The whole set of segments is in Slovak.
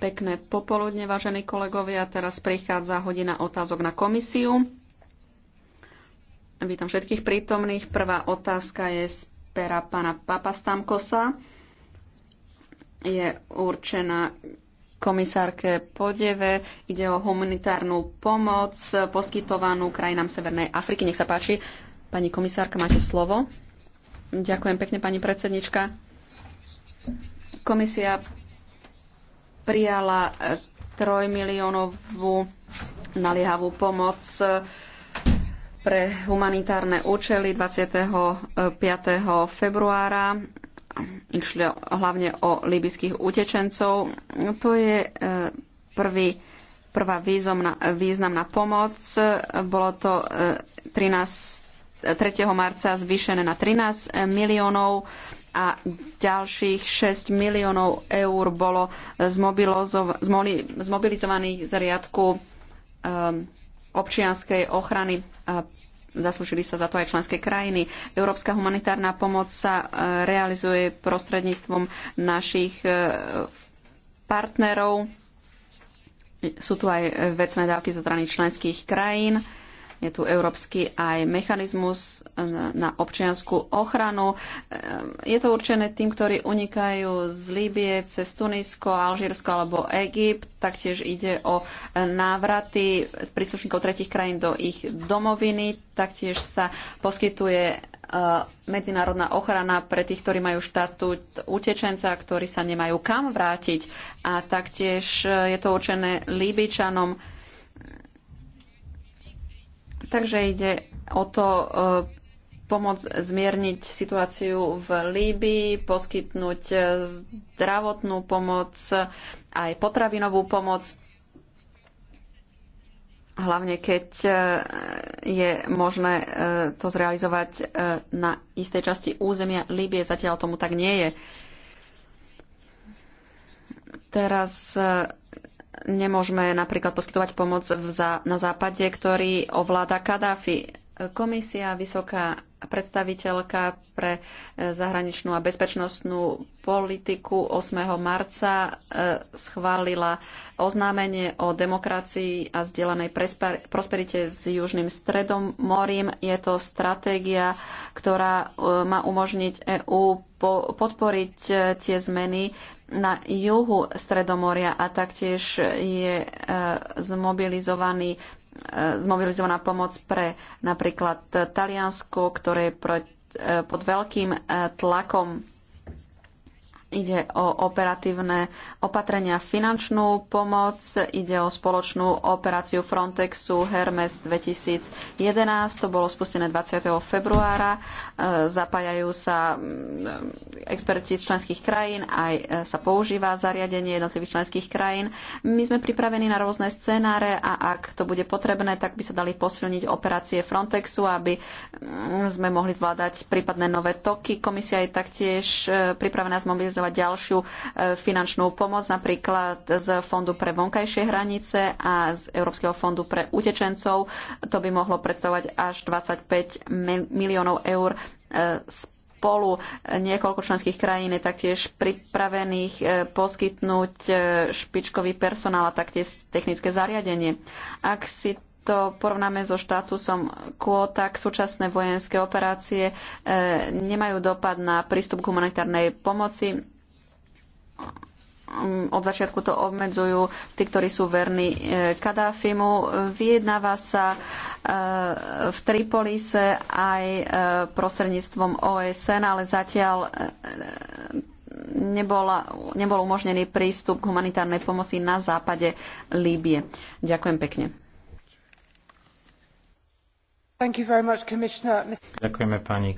Pekné popoludne, vážení kolegovia. Teraz prichádza hodina otázok na komisiu. Vítam všetkých prítomných. Prvá otázka je z pera pána Papastamkosa. Je určená komisárke Podieve. Ide o humanitárnu pomoc poskytovanú krajinám Severnej Afriky. Nech sa páči, pani komisárka, máte slovo. Ďakujem pekne, pani predsednička. Komisia prijala e, trojmiliónovú naliehavú pomoc e, pre humanitárne účely 25. februára. Išlo hlavne o libyských utečencov. To je e, prvý, prvá významná, významná pomoc. Bolo to 13, 3. marca zvýšené na 13 miliónov a ďalších 6 miliónov eur bolo zmobilizovaných z riadku ehm, občianskej ochrany. Zaslúžili sa za to aj členské krajiny. Európska humanitárna pomoc sa e, realizuje prostredníctvom našich e, partnerov. Sú tu aj vecné dávky zo strany členských krajín je tu európsky aj mechanizmus na občianskú ochranu. Je to určené tým, ktorí unikajú z Líbie cez Tunisko, Alžírsko alebo Egypt. Taktiež ide o návraty príslušníkov tretich krajín do ich domoviny. Taktiež sa poskytuje eh, medzinárodná ochrana pre tých, ktorí majú štatút utečenca, ktorí sa nemajú kam vrátiť. A taktiež eh, je to určené Líbičanom, Takže ide o to e, pomôcť zmierniť situáciu v Líbii, poskytnúť zdravotnú pomoc, aj potravinovú pomoc, hlavne keď e, je možné e, to zrealizovať na istej časti územia Líbie. Zatiaľ tomu tak nie je. Teraz Nemôžeme napríklad poskytovať pomoc na západe, ktorý ovláda Kadáfi. Komisia Vysoká predstaviteľka pre e, zahraničnú a bezpečnostnú politiku 8. marca e, schválila oznámenie o demokracii a zdieľanej prosperite s Južným stredom morím. Je to stratégia, ktorá e, má umožniť EÚ podporiť tie zmeny, na juhu Stredomoria a taktiež je e, zmobilizovaný e, zmobilizovaná pomoc pre napríklad Taliansko, ktoré je e, pod veľkým tlakom Ide o operatívne opatrenia finančnú pomoc, ide o spoločnú operáciu Frontexu Hermes 2011. To bolo spustené 20. februára. E, zapájajú sa experti z členských krajín, aj e, sa používa zariadenie jednotlivých členských krajín. My sme pripravení na rôzne scenáre a ak to bude potrebné, tak by sa dali posilniť operácie Frontexu, aby sme mohli zvládať prípadné nové toky. Komisia je taktiež e, pripravená zmobilizovať organizovať ďalšiu e, finančnú pomoc, napríklad z Fondu pre vonkajšie hranice a z Európskeho fondu pre utečencov. To by mohlo predstavovať až 25 miliónov eur e, spolu niekoľko členských krajín je taktiež pripravených e, poskytnúť špičkový personál a taktiež technické zariadenie. Ak si to porovnáme so štátusom quo, tak súčasné vojenské operácie e, nemajú dopad na prístup k humanitárnej pomoci. Mm, od začiatku to obmedzujú tí, ktorí sú verní e, Kadáfimu. Vyjednáva sa e, v Tripolise aj prostredníctvom OSN, ale zatiaľ nebola, nebol umožnený prístup k humanitárnej pomoci na západe Líbie. Ďakujem pekne. Ďakujeme pani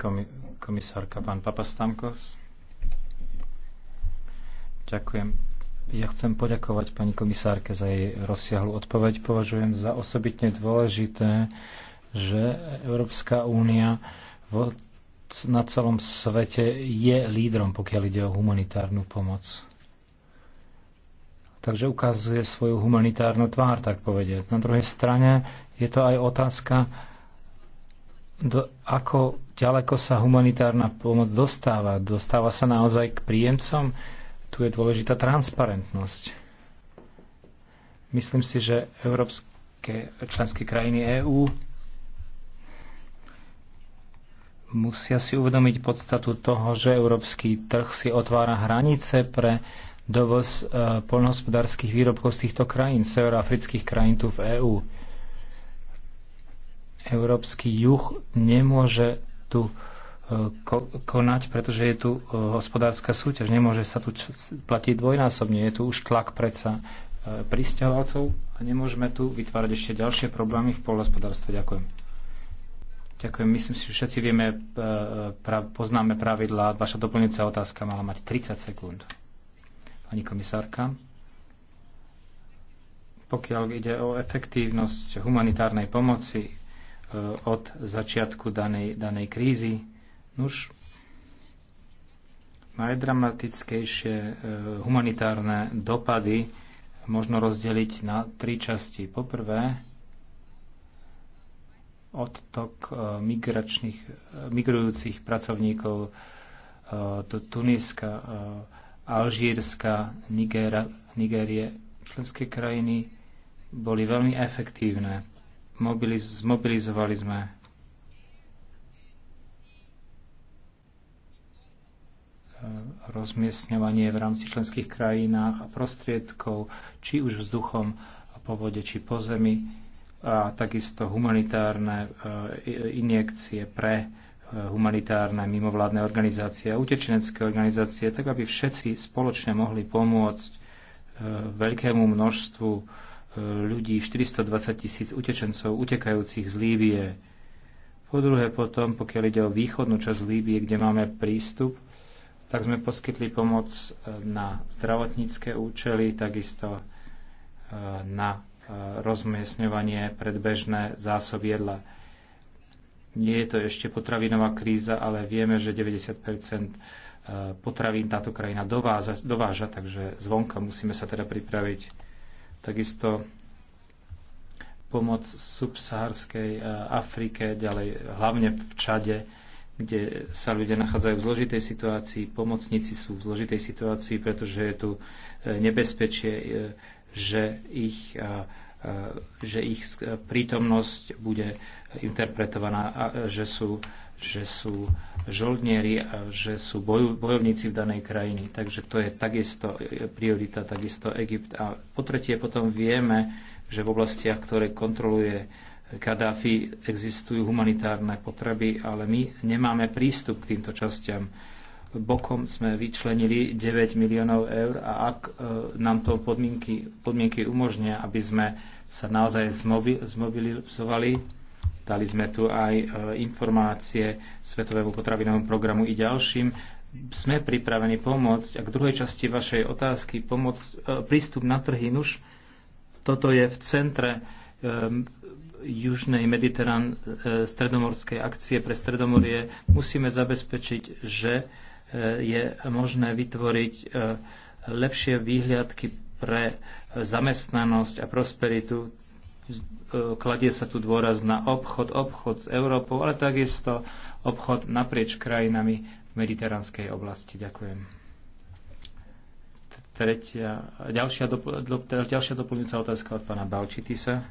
komisárka, pán Papastamkos. Ďakujem. Ja chcem poďakovať pani komisárke za jej rozsiahlu odpoveď. Považujem za osobitne dôležité, že Európska únia na celom svete je lídrom, pokiaľ ide o humanitárnu pomoc. Takže ukazuje svoju humanitárnu tvár, tak povedať. Na druhej strane je to aj otázka, do, ako ďaleko sa humanitárna pomoc dostáva. Dostáva sa naozaj k príjemcom. Tu je dôležitá transparentnosť. Myslím si, že európske členské krajiny EÚ musia si uvedomiť podstatu toho, že európsky trh si otvára hranice pre dovoz e, polnohospodárskych výrobkov z týchto krajín, severoafrických krajín tu v EÚ európsky juh nemôže tu e, konať, pretože je tu e, hospodárska súťaž. Nemôže sa tu platiť dvojnásobne. Je tu už tlak predsa e, pristahovalcov a nemôžeme tu vytvárať ešte ďalšie problémy v polhospodárstve. Ďakujem. Ďakujem. Myslím si, že všetci vieme, poznáme pravidlá. Vaša doplňujúca otázka mala mať 30 sekúnd. Pani komisárka pokiaľ ide o efektívnosť humanitárnej pomoci, Eh, od začiatku danej, danej krízy. Nuž, najdramatickejšie eh, humanitárne dopady možno rozdeliť na tri časti. Poprvé, odtok eh, migračných, migrujúcich pracovníkov do Tuniska, Alžírska, Nigéria, Nigérie. Členské krajiny boli veľmi efektívne Mobiliz- zmobilizovali sme rozmiestňovanie v rámci členských krajinách a prostriedkov, či už vzduchom a po vode, či po zemi a takisto humanitárne e, injekcie pre e, humanitárne mimovládne organizácie a utečenecké organizácie, tak aby všetci spoločne mohli pomôcť e, veľkému množstvu ľudí, 420 tisíc utečencov utekajúcich z Líbie. Po druhé potom, pokiaľ ide o východnú časť Líbie, kde máme prístup, tak sme poskytli pomoc e, na zdravotnícke účely, takisto e, na e, rozmiestňovanie predbežné zásob jedla. Nie je to ešte potravinová kríza, ale vieme, že 90 potravín táto krajina dováža, dováža takže zvonka musíme sa teda pripraviť takisto pomoc subsahárskej eh, Afrike, ďalej hlavne v Čade, kde sa ľudia nachádzajú v zložitej situácii, pomocníci sú v zložitej situácii, pretože je tu eh, nebezpečie, eh, že ich, že ich prítomnosť bude interpretovaná, že sú, že sú žoldnieri, že sú boju, bojovníci v danej krajine. Takže to je takisto priorita, takisto Egypt. A po tretie potom vieme, že v oblastiach, ktoré kontroluje Kadáfi, existujú humanitárne potreby, ale my nemáme prístup k týmto častiam. Bokom sme vyčlenili 9 miliónov eur a ak e, nám to podmienky, podmienky umožnia, aby sme sa naozaj zmobilizovali, Dali sme tu aj e, informácie Svetovému potravinovému programu i ďalším. Sme pripravení pomôcť. A k druhej časti vašej otázky, pomoc, e, prístup na trhy, nuž, toto je v centre um, južnej mediterán stredomorskej akcie pre Stredomorie. Musíme zabezpečiť, že je možné vytvoriť lepšie výhľadky pre zamestnanosť a prosperitu E, kladie sa tu dôraz na obchod, obchod s Európou, ale takisto obchod naprieč krajinami v mediteránskej oblasti. Ďakujem. Tretia, ďalšia, dopl- ďalšia doplňujúca otázka od pána Balčitisa.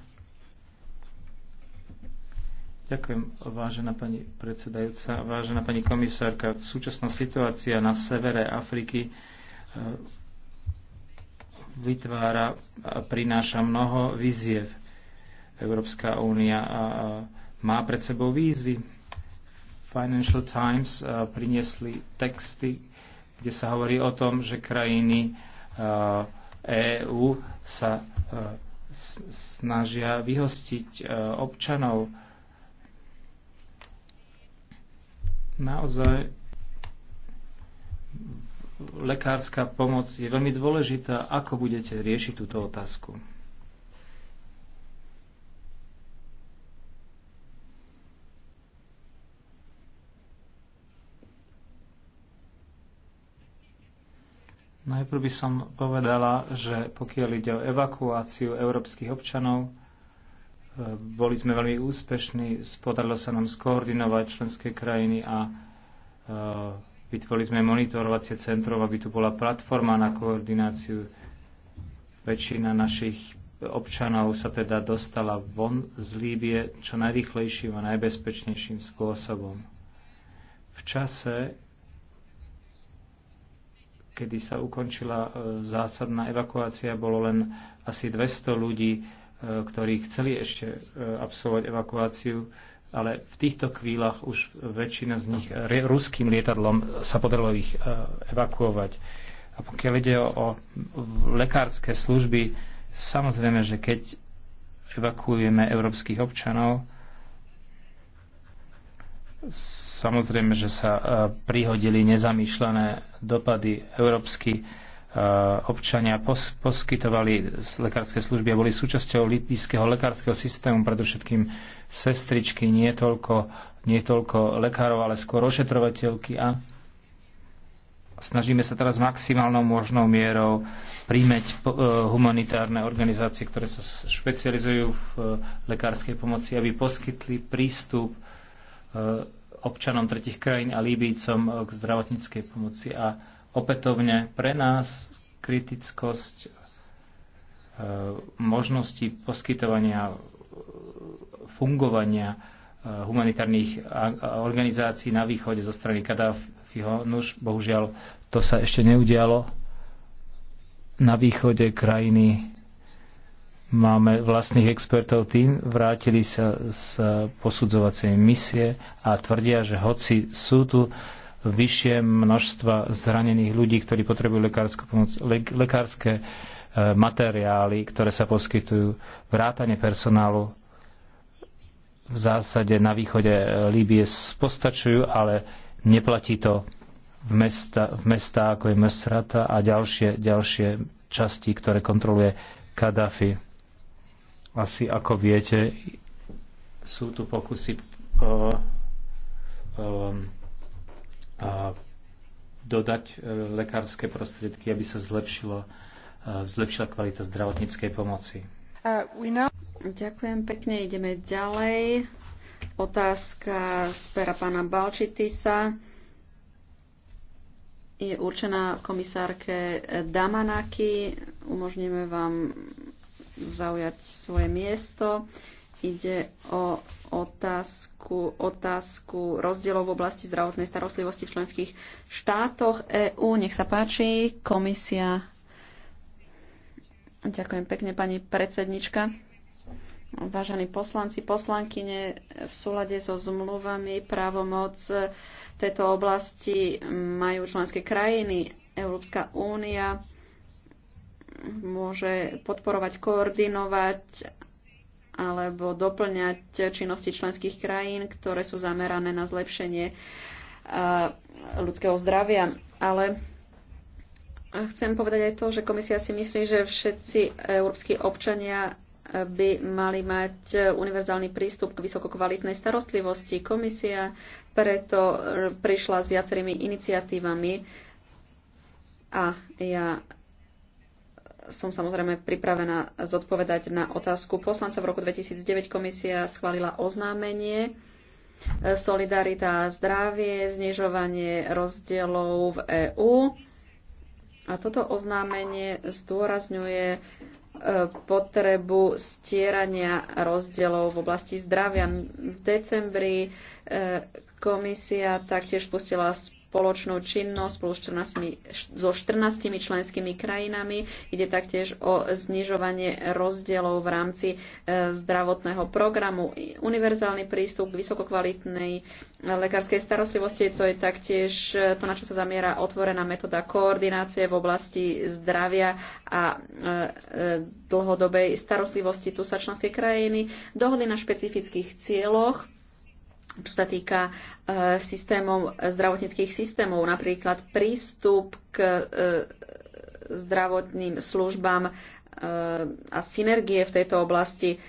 Ďakujem, vážená pani predsedajúca. Vážená pani komisárka, súčasná situácia na severe Afriky e, vytvára a prináša mnoho výziev. Európska únia má pred sebou výzvy. Financial Times priniesli texty, kde sa hovorí o tom, že krajiny EÚ sa snažia vyhostiť občanov. Naozaj lekárska pomoc je veľmi dôležitá. Ako budete riešiť túto otázku? Najprv by som povedala, že pokiaľ ide o evakuáciu európskych občanov, e, boli sme veľmi úspešní, podarilo sa nám skoordinovať členské krajiny a e, vytvorili sme monitorovacie centrum, aby tu bola platforma na koordináciu. Väčšina našich občanov sa teda dostala von z Líbie čo najrychlejším a najbezpečnejším spôsobom. V čase, kedy sa ukončila e, zásadná evakuácia, bolo len asi 200 ľudí, e, ktorí chceli ešte e, absolvovať evakuáciu, ale v týchto chvíľach už väčšina z nich ruským lietadlom sa podarilo ich evakuovať. A pokiaľ ide o lekárske služby, samozrejme, že keď evakuujeme európskych občanov, Samozrejme, že sa e, prihodili nezamýšľané dopady. Európsky e, občania pos- poskytovali lekárske služby a boli súčasťou libyjského lekárskeho systému, predovšetkým sestričky, nie toľko, nie toľko lekárov, ale skôr ošetrovateľky a snažíme sa teraz maximálnou možnou mierou príjmeť e, humanitárne organizácie, ktoré sa špecializujú v lekárskej pomoci, aby poskytli prístup Eh, občanom tretich krajín a Líbícom eh, k zdravotníckej pomoci. A opätovne pre nás kritickosť eh, možnosti poskytovania fungovania humanitárnych organizácií na východe zo strany Kadáfiho. Nuž, bohužiaľ, to sa ešte neudialo. Na východe krajiny Máme vlastných expertov tým, vrátili sa z posudzovacej misie a tvrdia, že hoci sú tu vyššie množstva zranených ľudí, ktorí potrebujú lekárskú pomoc, le- lekárske e, materiály, ktoré sa poskytujú, vrátanie personálu v zásade na východe e, Líbie postačujú, ale neplatí to v, mesta, v mesta ako je Mesrata a ďalšie, ďalšie časti, ktoré kontroluje Kadafi. Asi ako viete, sú tu pokusy uh, um, uh, dodať e, lekárske prostriedky, aby sa zlepšilo, e, zlepšila kvalita zdravotníckej pomoci. Uh, Ďakujem pekne, ideme ďalej. Otázka z pera pána Balčitisa je určená komisárke Damanaki. Umožníme vám zaujať svoje miesto. Ide o otázku, otázku rozdielov v oblasti zdravotnej starostlivosti v členských štátoch EÚ. Nech sa páči, komisia. Ďakujem pekne, pani predsednička. Vážení poslanci, poslankyne, v súlade so zmluvami právomoc tejto oblasti majú členské krajiny. Európska únia môže podporovať, koordinovať alebo doplňať činnosti členských krajín, ktoré sú zamerané na zlepšenie eh, ľudského zdravia. Ale chcem povedať aj to, že komisia si myslí, že všetci európsky občania by mali mať univerzálny prístup k vysokokvalitnej starostlivosti. Komisia preto prišla s viacerými iniciatívami a ja som samozrejme pripravená zodpovedať na otázku poslanca. V roku 2009 komisia schválila oznámenie Solidarita a zdravie, znižovanie rozdielov v EÚ. A toto oznámenie zdôrazňuje e, potrebu stierania rozdielov v oblasti zdravia. V decembri e, komisia taktiež spustila spoločnú činnosť spolu 14, so 14 členskými krajinami. Ide taktiež o znižovanie rozdielov v rámci e, zdravotného programu. Univerzálny prístup k vysokokvalitnej e, lekárskej starostlivosti, to je taktiež e, to, na čo sa zamiera otvorená metóda koordinácie v oblasti zdravia a dlhodobej starostlivosti. Tu sa členské krajiny dohody na špecifických cieľoch čo sa týka e, systémov, zdravotníckých systémov, napríklad prístup k e, zdravotným službám e, a synergie v tejto oblasti.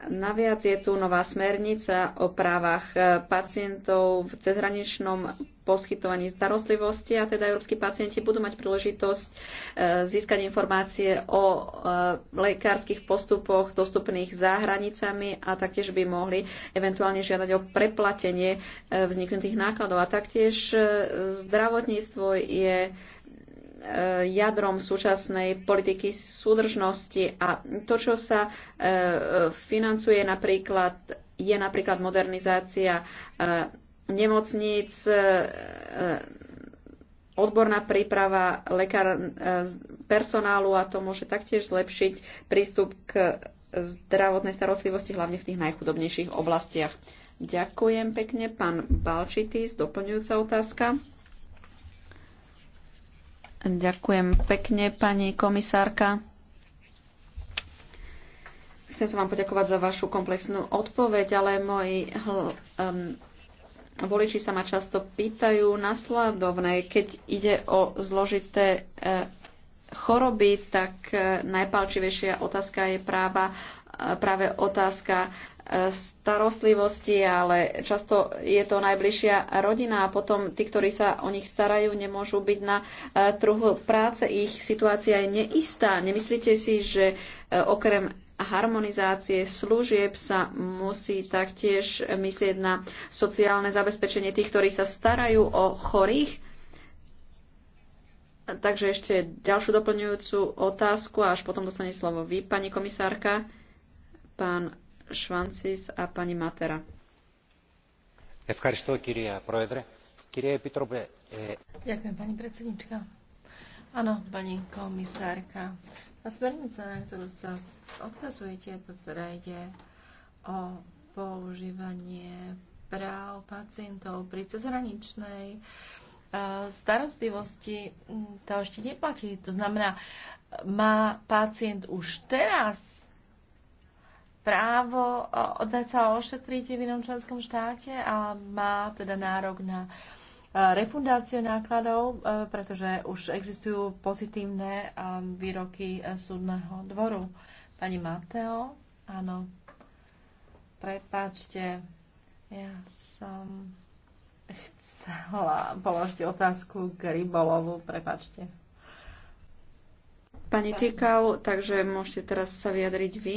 Naviac je tu nová smernica o právach pacientov v cezhraničnom poskytovaní starostlivosti a teda európsky pacienti budú mať príležitosť e, získať informácie o e, lekárskych postupoch dostupných za hranicami a taktiež by mohli eventuálne žiadať o preplatenie e, vzniknutých nákladov. A taktiež zdravotníctvo je jadrom súčasnej politiky súdržnosti a to, čo sa financuje napríklad je napríklad modernizácia nemocníc, e, e, odborná príprava lekár, e, personálu a to môže taktiež zlepšiť prístup k zdravotnej starostlivosti, hlavne v tých najchudobnejších oblastiach. Ďakujem pekne, pán Balčitis. Doplňujúca otázka. Ďakujem pekne, pani komisárka. Chcem sa vám poďakovať za vašu komplexnú odpoveď, ale môj hl, um, Voliči sa ma často pýtajú nasledovné, keď ide o zložité eh, choroby, tak eh, najpalčivejšia otázka je práva, eh, práve otázka starostlivosti, ale často je to najbližšia rodina a potom tí, ktorí sa o nich starajú, nemôžu byť na trhu práce. Ich situácia je neistá. Nemyslíte si, že okrem harmonizácie služieb sa musí taktiež myslieť na sociálne zabezpečenie tých, ktorí sa starajú o chorých. Takže ešte ďalšiu doplňujúcu otázku a až potom dostane slovo vy, pani komisárka, pán Švancis a pani Matera. E- Ďakujem, pani predsednička. Áno, pani komisárka, a smernica, na ktorú sa odkazujete, to teda ide o používanie práv pacientov pri cezhraničnej e, starostlivosti, mm, to ešte neplatí. To znamená, má pacient už teraz právo e, oddať sa ošetriť v inom členskom štáte a má teda nárok na uh, refundáciu nákladov, e, pretože už existujú pozitívne e, výroky e, súdneho dvoru. Pani Mateo, áno, prepáčte, ja som chcela položiť otázku k rybolovu, prepáčte. Pani Týkal, takže môžete teraz sa vyjadriť vy.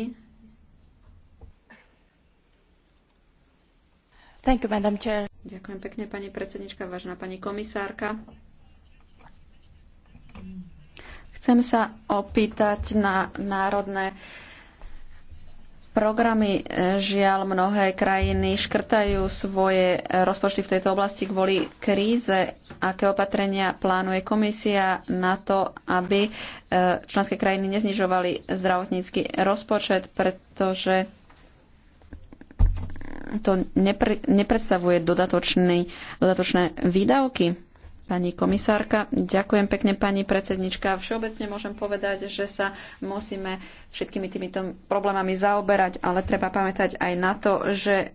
Thank you, Madam Chair. Ďakujem pekne, pani predsednička, vážená pani komisárka. Chcem sa opýtať na národné programy. Žiaľ, mnohé krajiny škrtajú svoje rozpočty v tejto oblasti kvôli kríze. Aké opatrenia plánuje komisia na to, aby eh, členské krajiny neznižovali zdravotnícky rozpočet, pretože to nepre, nepredstavuje dodatočný, dodatočné výdavky. Pani komisárka, ďakujem pekne pani predsednička. Všeobecne môžem povedať, že sa musíme všetkými týmito problémami zaoberať, ale treba pamätať aj na to, že e,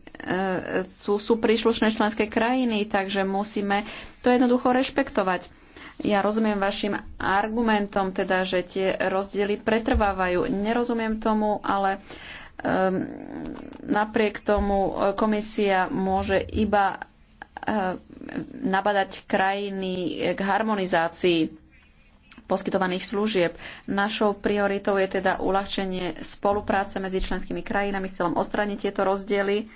sú, sú príslušné členské krajiny, takže musíme to jednoducho rešpektovať. Ja rozumiem vašim argumentom, teda, že tie rozdiely pretrvávajú. Nerozumiem tomu, ale e, Ehm, napriek tomu e, komisia môže iba e, nabadať krajiny k harmonizácii poskytovaných služieb. Našou prioritou je teda uľahčenie spolupráce medzi členskými krajinami s cieľom odstrániť tieto rozdiely.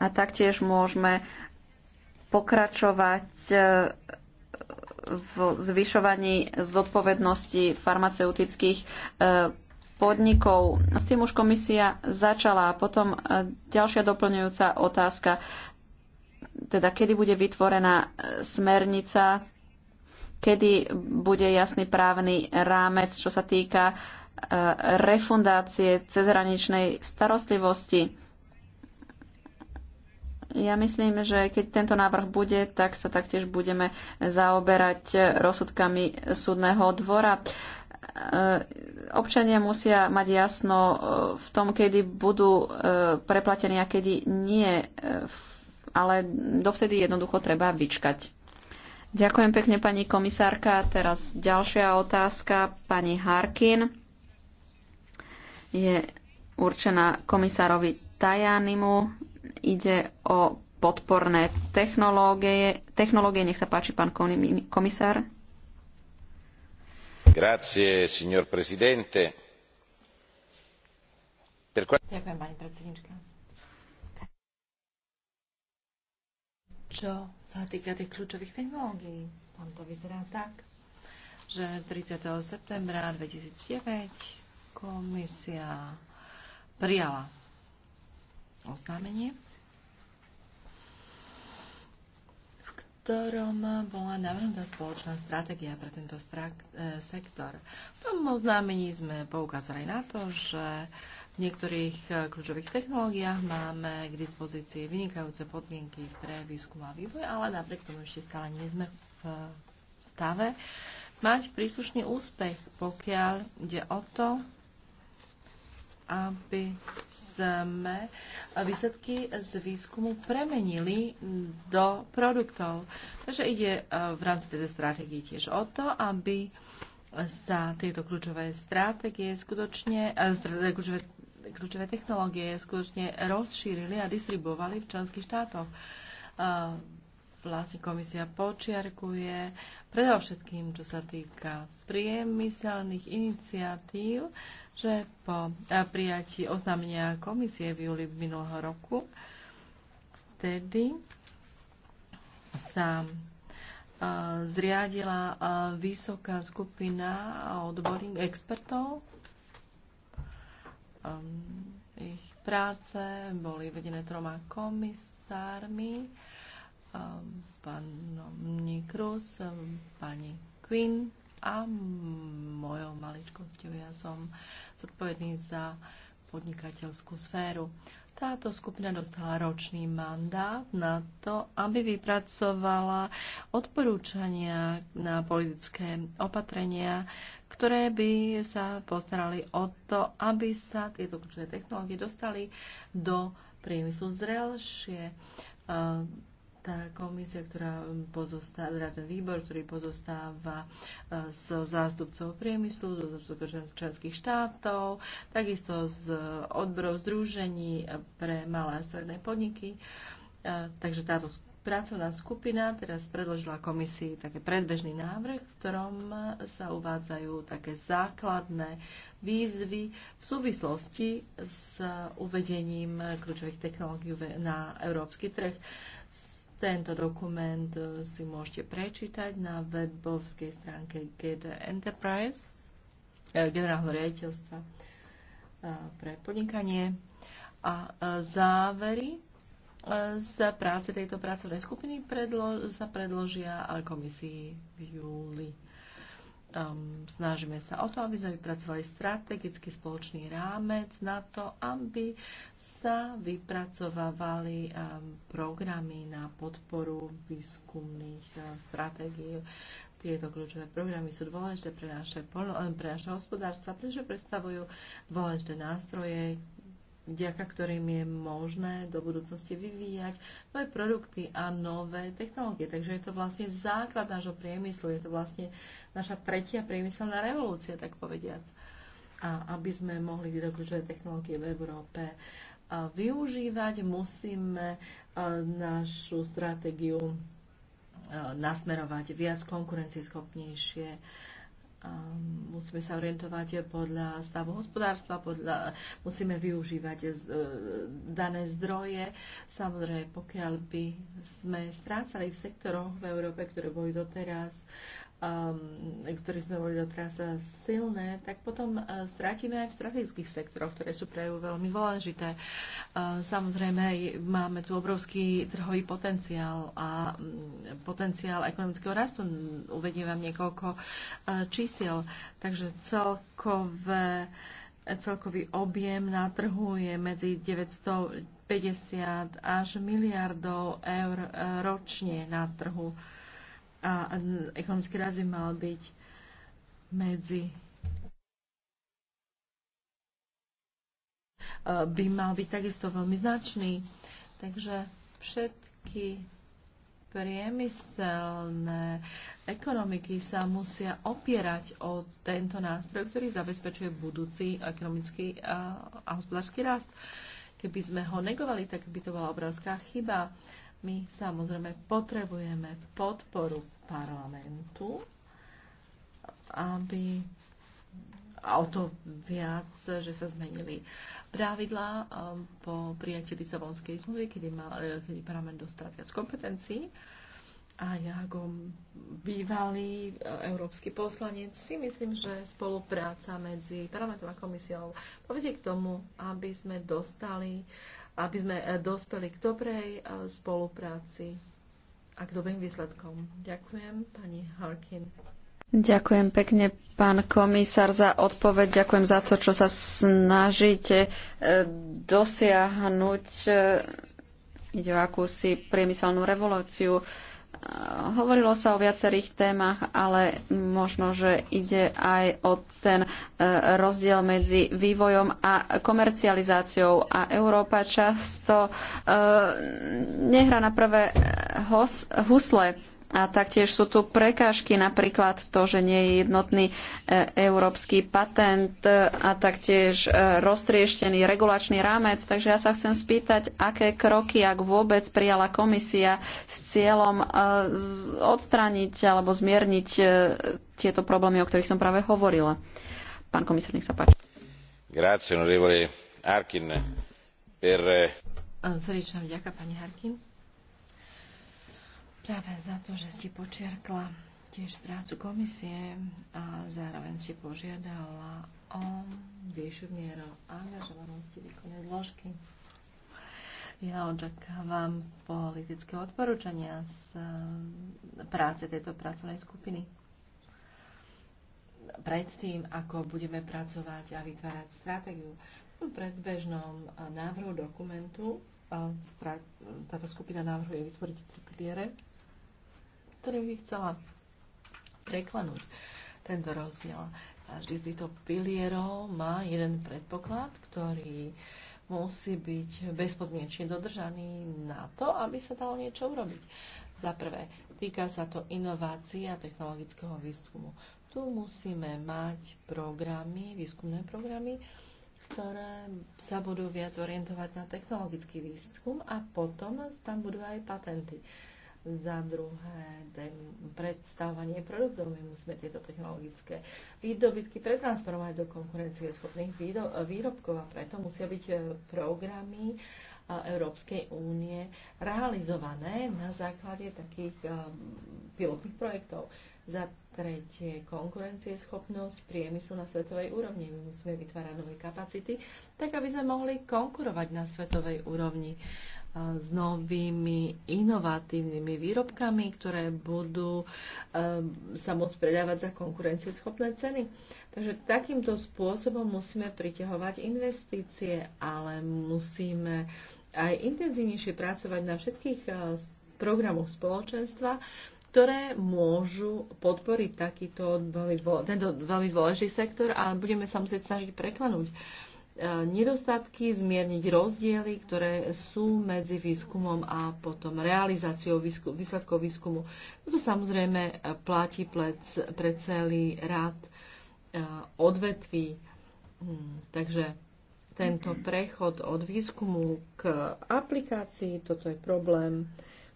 A taktiež môžeme pokračovať e, v zvyšovaní zodpovednosti farmaceutických e, podnikov. S tým už komisia začala. A potom e, ďalšia doplňujúca otázka, teda kedy bude vytvorená e, smernica, kedy bude jasný právny rámec, čo sa týka refundácie cezhraničnej starostlivosti. Ja myslím, že keď tento návrh bude, tak sa taktiež budeme zaoberať rozsudkami súdneho dvora. E, občania musia mať jasno e, v tom, kedy budú e, preplatení a kedy nie, ale dovtedy jednoducho treba vyčkať. Ďakujem pekne, pani komisárka. Teraz ďalšia otázka, pani Harkin. Je určená komisárovi Tajanimu ide o podporné technológie. Technológie, nech sa páči, pán komisár. Grazie, signor presidente. Per... Ďakujem, pani predsednička. Čo sa týka tých kľúčových technológií, tam to vyzerá tak, že 30. septembra 2009 komisia prijala oznámenie, v ktorom bola navrhnutá spoločná stratégia pre tento strak- e, sektor. V tom oznámení sme poukázali na to, že v niektorých e, kľúčových technológiách máme k dispozícii vynikajúce podmienky pre výskum a vývoj, ale napriek tomu ešte stále nie sme v stave mať príslušný úspech, pokiaľ ide o to, aby sme výsledky z výskumu premenili do produktov. Takže ide e, v rámci tejto stratégie tiež o to, aby sa tieto kľúčové stratégie skutočne, e, e, kľúčové, kľúčové technológie skutočne rozšírili a distribuovali v členských štátoch vlastne komisia počiarkuje predovšetkým, čo sa týka priemyselných iniciatív, že po eh, prijatí oznámenia komisie v júli minulého roku vtedy sa eh, zriadila eh, vysoká skupina odborných expertov. Ehm, ich práce boli vedené troma komisármi, ehm, pánom Nikrus, ehm, pani Quinn a mojou maličkosťou ja som zodpovedný za podnikateľskú sféru. Táto skupina dostala ročný mandát na to, aby vypracovala odporúčania na politické opatrenia, ktoré by sa postarali o to, aby sa tieto kľúčové technológie dostali do priemyslu zrelšie tá komisia, ktorá um, pozostáva, teda ten výbor, ktorý pozostáva z uh, zástupcov priemyslu, zo zástupcov členských štátov, takisto z uh, odborov združení uh, pre malé a stredné podniky. Takže táto pracovná skupina teraz predložila komisii také predbežný návrh, v ktorom sa uvádzajú také základné výzvy v súvislosti s uvedením kľúčových technológií na európsky trh. Tento dokument e, si môžete prečítať na webovskej stránke GD Enterprise, e, generálneho riaditeľstva e, pre podnikanie. A závery z práce tejto pracovnej skupiny predlo- sa predložia komisii v júli um, snažíme sa o to, aby sme vypracovali strategický spoločný rámec na to, aby sa vypracovávali um, programy na podporu výskumných uh, stratégií. Tieto kľúčové programy sú dôležité pre naše, e, pre naše hospodárstva, pretože predstavujú dôležité nástroje vďaka ktorým je možné do budúcnosti vyvíjať nové produkty a nové technológie. Takže je to vlastne základ nášho priemyslu, je to vlastne naša tretia priemyselná revolúcia, tak povediac. A aby sme mohli tieto kľúčové technológie v Európe využívať, musíme e, našu stratégiu e, nasmerovať viac konkurencieschopnejšie musíme sa orientovať podľa stavu hospodárstva, podľa, musíme využívať e, dané zdroje. Samozrejme, pokiaľ by sme strácali v sektoroch v Európe, ktoré boli doteraz um, ktorých sme boli doteraz eh, silné, tak potom uh, strátime aj v strategických sektoroch, ktoré sú pre EU veľmi dôležité. Uh, samozrejme, máme tu obrovský trhový potenciál a um, potenciál ekonomického rastu. Uvediem vám niekoľko uh, čísiel. Takže celkové celkový objem na trhu je medzi 950 až miliardov eur ročne na trhu. Uh, a ekonomický rast by mal byť medzi e, by mal byť takisto veľmi značný. Takže všetky priemyselné ekonomiky sa musia opierať o tento nástroj, ktorý zabezpečuje budúci ekonomický e, a, hospodársky rast. Keby sme ho negovali, tak by to bola obrovská chyba. My samozrejme potrebujeme podporu parlamentu, aby a o to viac, že sa zmenili pravidlá um, po prijatí Lisabonskej zmluvy, kedy, mal, eh, kedy parlament dostal viac kompetencií. A ja ako bývalý eh, európsky poslanec si myslím, že spolupráca medzi parlamentom a komisiou povedie k tomu, aby sme dostali aby sme eh, dospeli k dobrej eh, spolupráci a k dobrým výsledkom. Ďakujem, pani Harkin. Ďakujem pekne, pán komisár, za odpoveď. Ďakujem za to, čo sa snažíte eh, dosiahnuť. Ide o akúsi priemyselnú revolúciu. Hovorilo sa o viacerých témach, ale možno, že ide aj o ten e, rozdiel medzi vývojom a komercializáciou. A Európa často e, nehra na prvé husle a taktiež sú tu prekážky, napríklad to, že nie je jednotný e, európsky patent e, a taktiež e, roztrieštený regulačný rámec. Takže ja sa chcem spýtať, aké kroky, ak vôbec prijala komisia s cieľom odstrániť alebo zmierniť tieto problémy, o ktorých som práve hovorila. Pán komisár, nech sa páči. Grazie, onorevole Harkin. Per... Srdečná pani Harkin práve za to, že ste počiarkla tiež prácu komisie a zároveň ste požiadala o vyššiu mieru angažovanosti výkonnej zložky. Ja očakávam politické odporúčania z eh, práce tejto pracovnej skupiny. Predtým, ako budeme pracovať a vytvárať stratégiu, v predbežnom návrhu dokumentu eh, eh, táto skupina návrhuje vytvoriť tri piliere ktorým by chcela preklenúť tento rozdiel. Každý z týchto pilierov má jeden predpoklad, ktorý musí byť bezpodmienečne dodržaný na to, aby sa dalo niečo urobiť. Za prvé, týka sa to inovácií a technologického výskumu. Tu musíme mať programy, výskumné programy, ktoré sa budú viac orientovať na technologický výskum a potom tam budú aj patenty za druhé predstavovanie produktov. My musíme tieto technologické výdobytky pretransformovať do konkurencieschopných výrobkov a preto musia byť e, programy e, Európskej únie realizované na základe takých e, pilotných projektov. Za tretie, konkurencieschopnosť priemyslu na svetovej úrovni. My musíme vytvárať nové kapacity, tak aby sme mohli konkurovať na svetovej úrovni s novými inovatívnymi výrobkami, ktoré budú ehm, sa môcť predávať za konkurencieschopné ceny. Takže takýmto spôsobom musíme priťahovať investície, ale musíme aj intenzívnejšie pracovať na všetkých e, programoch spoločenstva, ktoré môžu podporiť takýto veľmi, tento veľmi dôležitý sektor a budeme sa musieť snažiť preklenúť uh, E, nedostatky, zmierniť rozdiely, ktoré sú medzi výskumom a potom realizáciou výskum, výsledkov výskumu. Toto samozrejme platí pre celý rád e, odvetví. Hm, takže tento prechod od výskumu k aplikácii, toto je problém,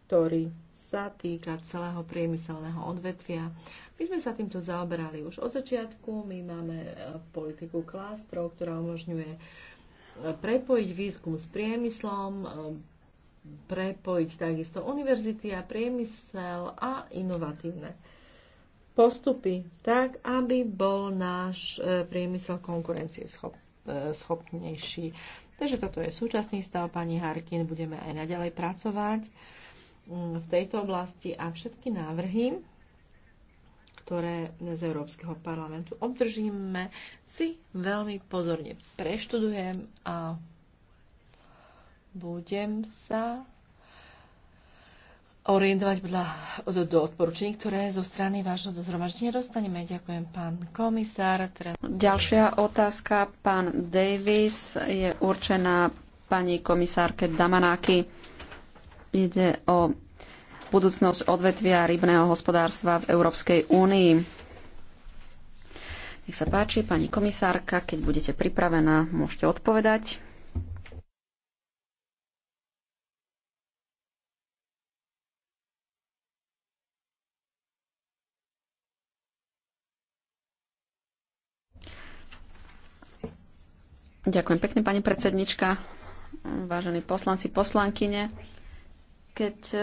ktorý sa týka celého priemyselného odvetvia my sme sa týmto zaoberali už od začiatku. My máme e, politiku klástrov, ktorá umožňuje e, prepojiť výskum s priemyslom, e, prepojiť takisto univerzity a priemysel a inovatívne postupy tak, aby bol náš priemysel konkurencieschopný schopnejší. Takže toto je súčasný stav. Pani Harkin, budeme aj naďalej pracovať mm, v tejto oblasti a všetky návrhy, ktoré z Európskeho parlamentu obdržíme, si veľmi pozorne preštudujem a budem sa orientovať podľa, do, do odporúčení, ktoré zo strany vášho zhromaždenia dostaneme. Ďakujem, pán komisár. Teraz... Ďalšia otázka, pán Davis, je určená pani komisárke Damanáky. Ide o budúcnosť odvetvia rybného hospodárstva v Európskej únii. Nech sa páči, pani komisárka, keď budete pripravená, môžete odpovedať. Ďakujem pekne, pani predsednička, vážení poslanci, poslankyne. Keď e,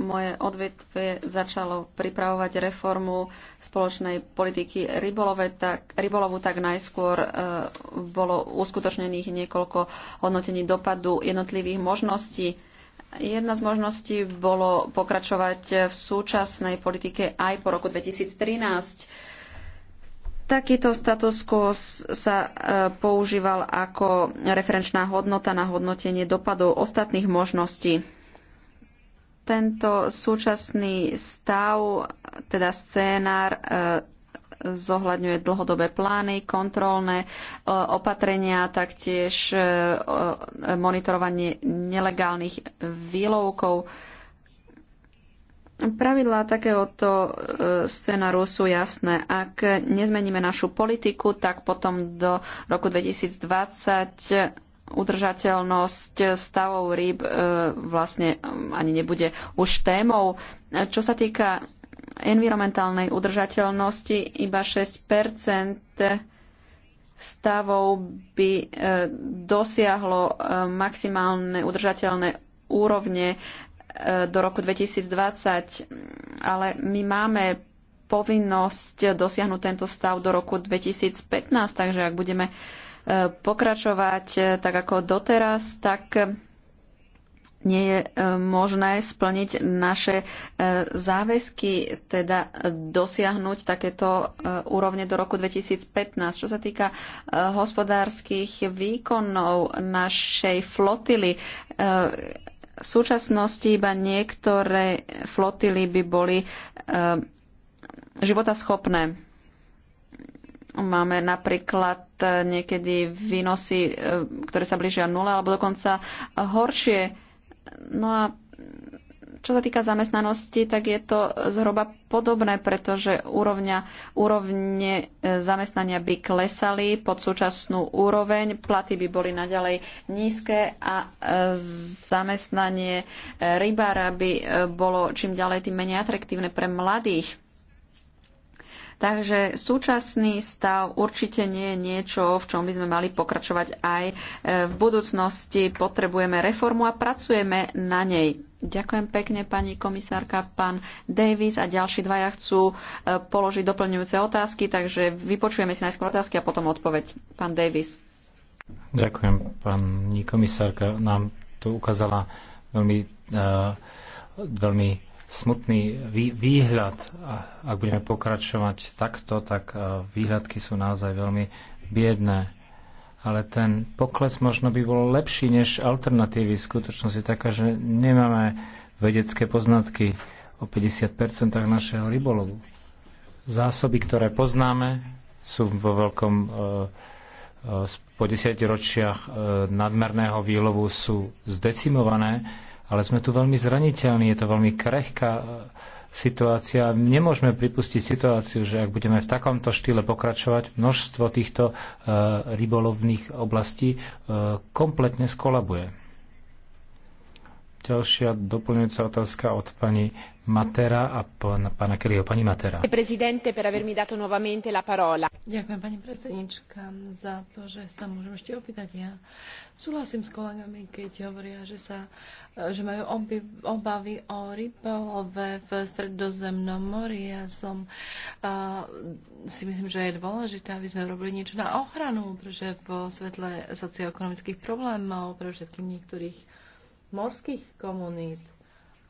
moje odvetvie začalo pripravovať reformu spoločnej politiky rybolove, tak, rybolovu, tak najskôr e, bolo uskutočnených niekoľko hodnotení dopadu jednotlivých možností. Jedna z možností bolo pokračovať v súčasnej politike aj po roku 2013 takýto status quo sa e, používal ako referenčná hodnota na hodnotenie dopadov ostatných možností tento súčasný stav, teda scénár, e, zohľadňuje dlhodobé plány, kontrolné e, opatrenia, taktiež e, monitorovanie nelegálnych výlovkov. Pravidlá takéhoto scénaru sú jasné. Ak nezmeníme našu politiku, tak potom do roku 2020 udržateľnosť stavov rýb e, vlastne e, ani nebude už témou. Čo sa týka environmentálnej udržateľnosti, iba 6 stavov by e, dosiahlo maximálne udržateľné úrovne do roku 2020, ale my máme povinnosť dosiahnuť tento stav do roku 2015, takže ak budeme pokračovať e, tak ako doteraz, tak nie je e, možné splniť naše e, záväzky, teda dosiahnuť takéto úrovne do roku 2015. Čo sa týka hospodárskych výkonov našej flotily, v súčasnosti iba niektoré flotily by boli životaschopné. Máme napríklad e, niekedy výnosy, e, ktoré sa blížia nule alebo dokonca horšie. No a čo sa týka zamestnanosti, tak je to zhruba podobné, pretože úrovňa, úrovne e, zamestnania by klesali pod súčasnú úroveň, platy by boli naďalej nízke a zamestnanie rybára by bolo čím ďalej tým menej atraktívne pre mladých. Takže súčasný stav určite nie je niečo, v čom by sme mali pokračovať aj e, v budúcnosti. Potrebujeme reformu a pracujeme na nej. Ďakujem pekne, pani komisárka, pán Davis a ďalší dvaja chcú e, položiť doplňujúce otázky, takže vypočujeme si najskôr otázky a potom odpoveď. Pán Davis. Ďakujem, pani komisárka. Nám to ukázala veľmi, uh, veľmi smutný výhľad. A ak budeme pokračovať takto, tak e, výhľadky sú naozaj veľmi biedné. Ale ten pokles možno by bol lepší než alternatívy. Skutočnosť je taká, že nemáme vedecké poznatky o 50% našeho rybolovu. Zásoby, ktoré poznáme, sú vo veľkom e, e, po desiatiročiach nadmerného výlovu sú zdecimované ale sme tu veľmi zraniteľní, je to veľmi krehká e, situácia. Nemôžeme pripustiť situáciu, že ak budeme v takomto štýle pokračovať, množstvo týchto e, rybolovných oblastí e, kompletne skolabuje. Ďalšia doplňujúca otázka od pani Matera a pán, pána Kellyho. Pani Matera. Ďakujem, pani predsednička, za to, že sa môžem ešte opýtať. Ja súhlasím s kolegami, keď hovoria, že, sa, že majú oby, obavy o rybolove v stredozemnom mori. Ja som uh, si myslím, že je dôležité, aby sme robili niečo na ochranu, pretože vo svetle socioekonomických problémov, pre všetkým niektorých morských komunít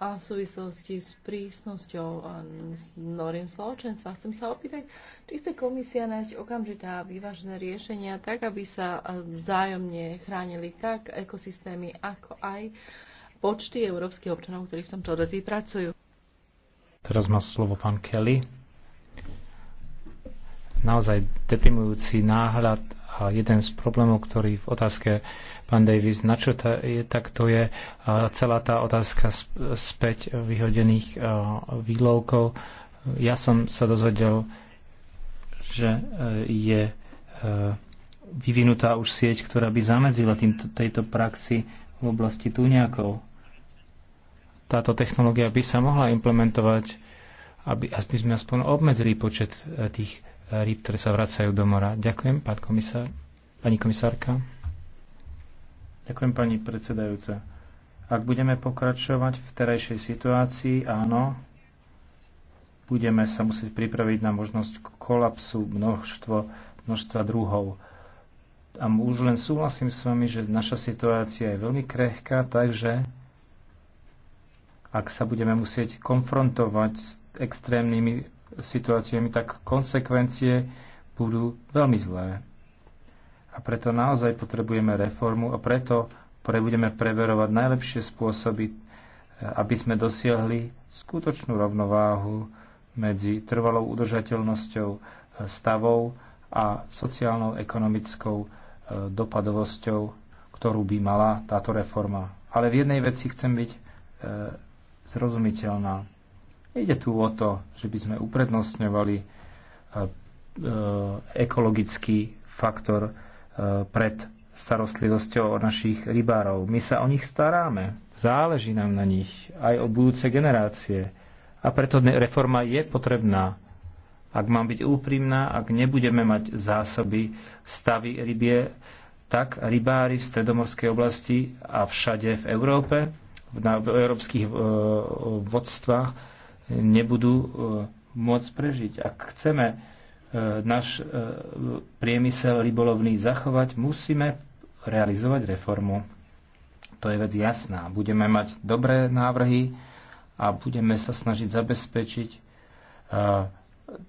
a v súvislosti s prísnosťou a s norím spoločenstva. Chcem sa opýtať, či chce komisia nájsť okamžitá a vyvážené riešenia tak, aby sa vzájomne chránili tak ekosystémy, ako aj počty európskych občanov, ktorí v tomto odvetví pracujú. Teraz má slovo pán Kelly. Naozaj deprimujúci náhľad a jeden z problémov, ktorý v otázke pán Davis je, tak to je celá tá otázka späť vyhodených výlovkov. Ja som sa dozvedel, že e, je e, vyvinutá už sieť, ktorá by zamedzila týmto, tejto praxi v oblasti túňakov. Táto technológia by sa mohla implementovať, aby, aby sme aspoň obmedzili počet e, tých rýb, ktoré sa vracajú do mora. Ďakujem, pán komisár, pani komisárka. Ďakujem pani predsedajúca. Ak budeme pokračovať v terajšej situácii, áno, budeme sa musieť pripraviť na možnosť kolapsu množstvo, množstva druhov. A už len súhlasím s vami, že naša situácia je veľmi krehká, takže ak sa budeme musieť konfrontovať s extrémnymi situáciami, tak konsekvencie budú veľmi zlé. A preto naozaj potrebujeme reformu a preto budeme preverovať najlepšie spôsoby, eh, aby sme dosiahli skutočnú rovnováhu medzi trvalou udržateľnosťou eh, stavov a sociálnou ekonomickou eh, dopadovosťou, ktorú by mala táto reforma. Ale v jednej veci chcem byť zrozumiteľná. Ide tu o to, že by sme uprednostňovali ekologický faktor pred starostlivosťou o našich rybárov. My sa o nich staráme, záleží nám na nich, aj o budúce generácie. A preto reforma je potrebná. Ak mám byť úprimná, ak nebudeme mať zásoby stavy rybie, tak rybári v stredomorskej oblasti a všade v Európe, v európskych e, vodstvách, nebudú e, môcť prežiť. Ak chceme E, náš e, priemysel rybolovný zachovať, musíme realizovať reformu. To je vec jasná. Budeme mať dobré návrhy a budeme sa snažiť zabezpečiť e,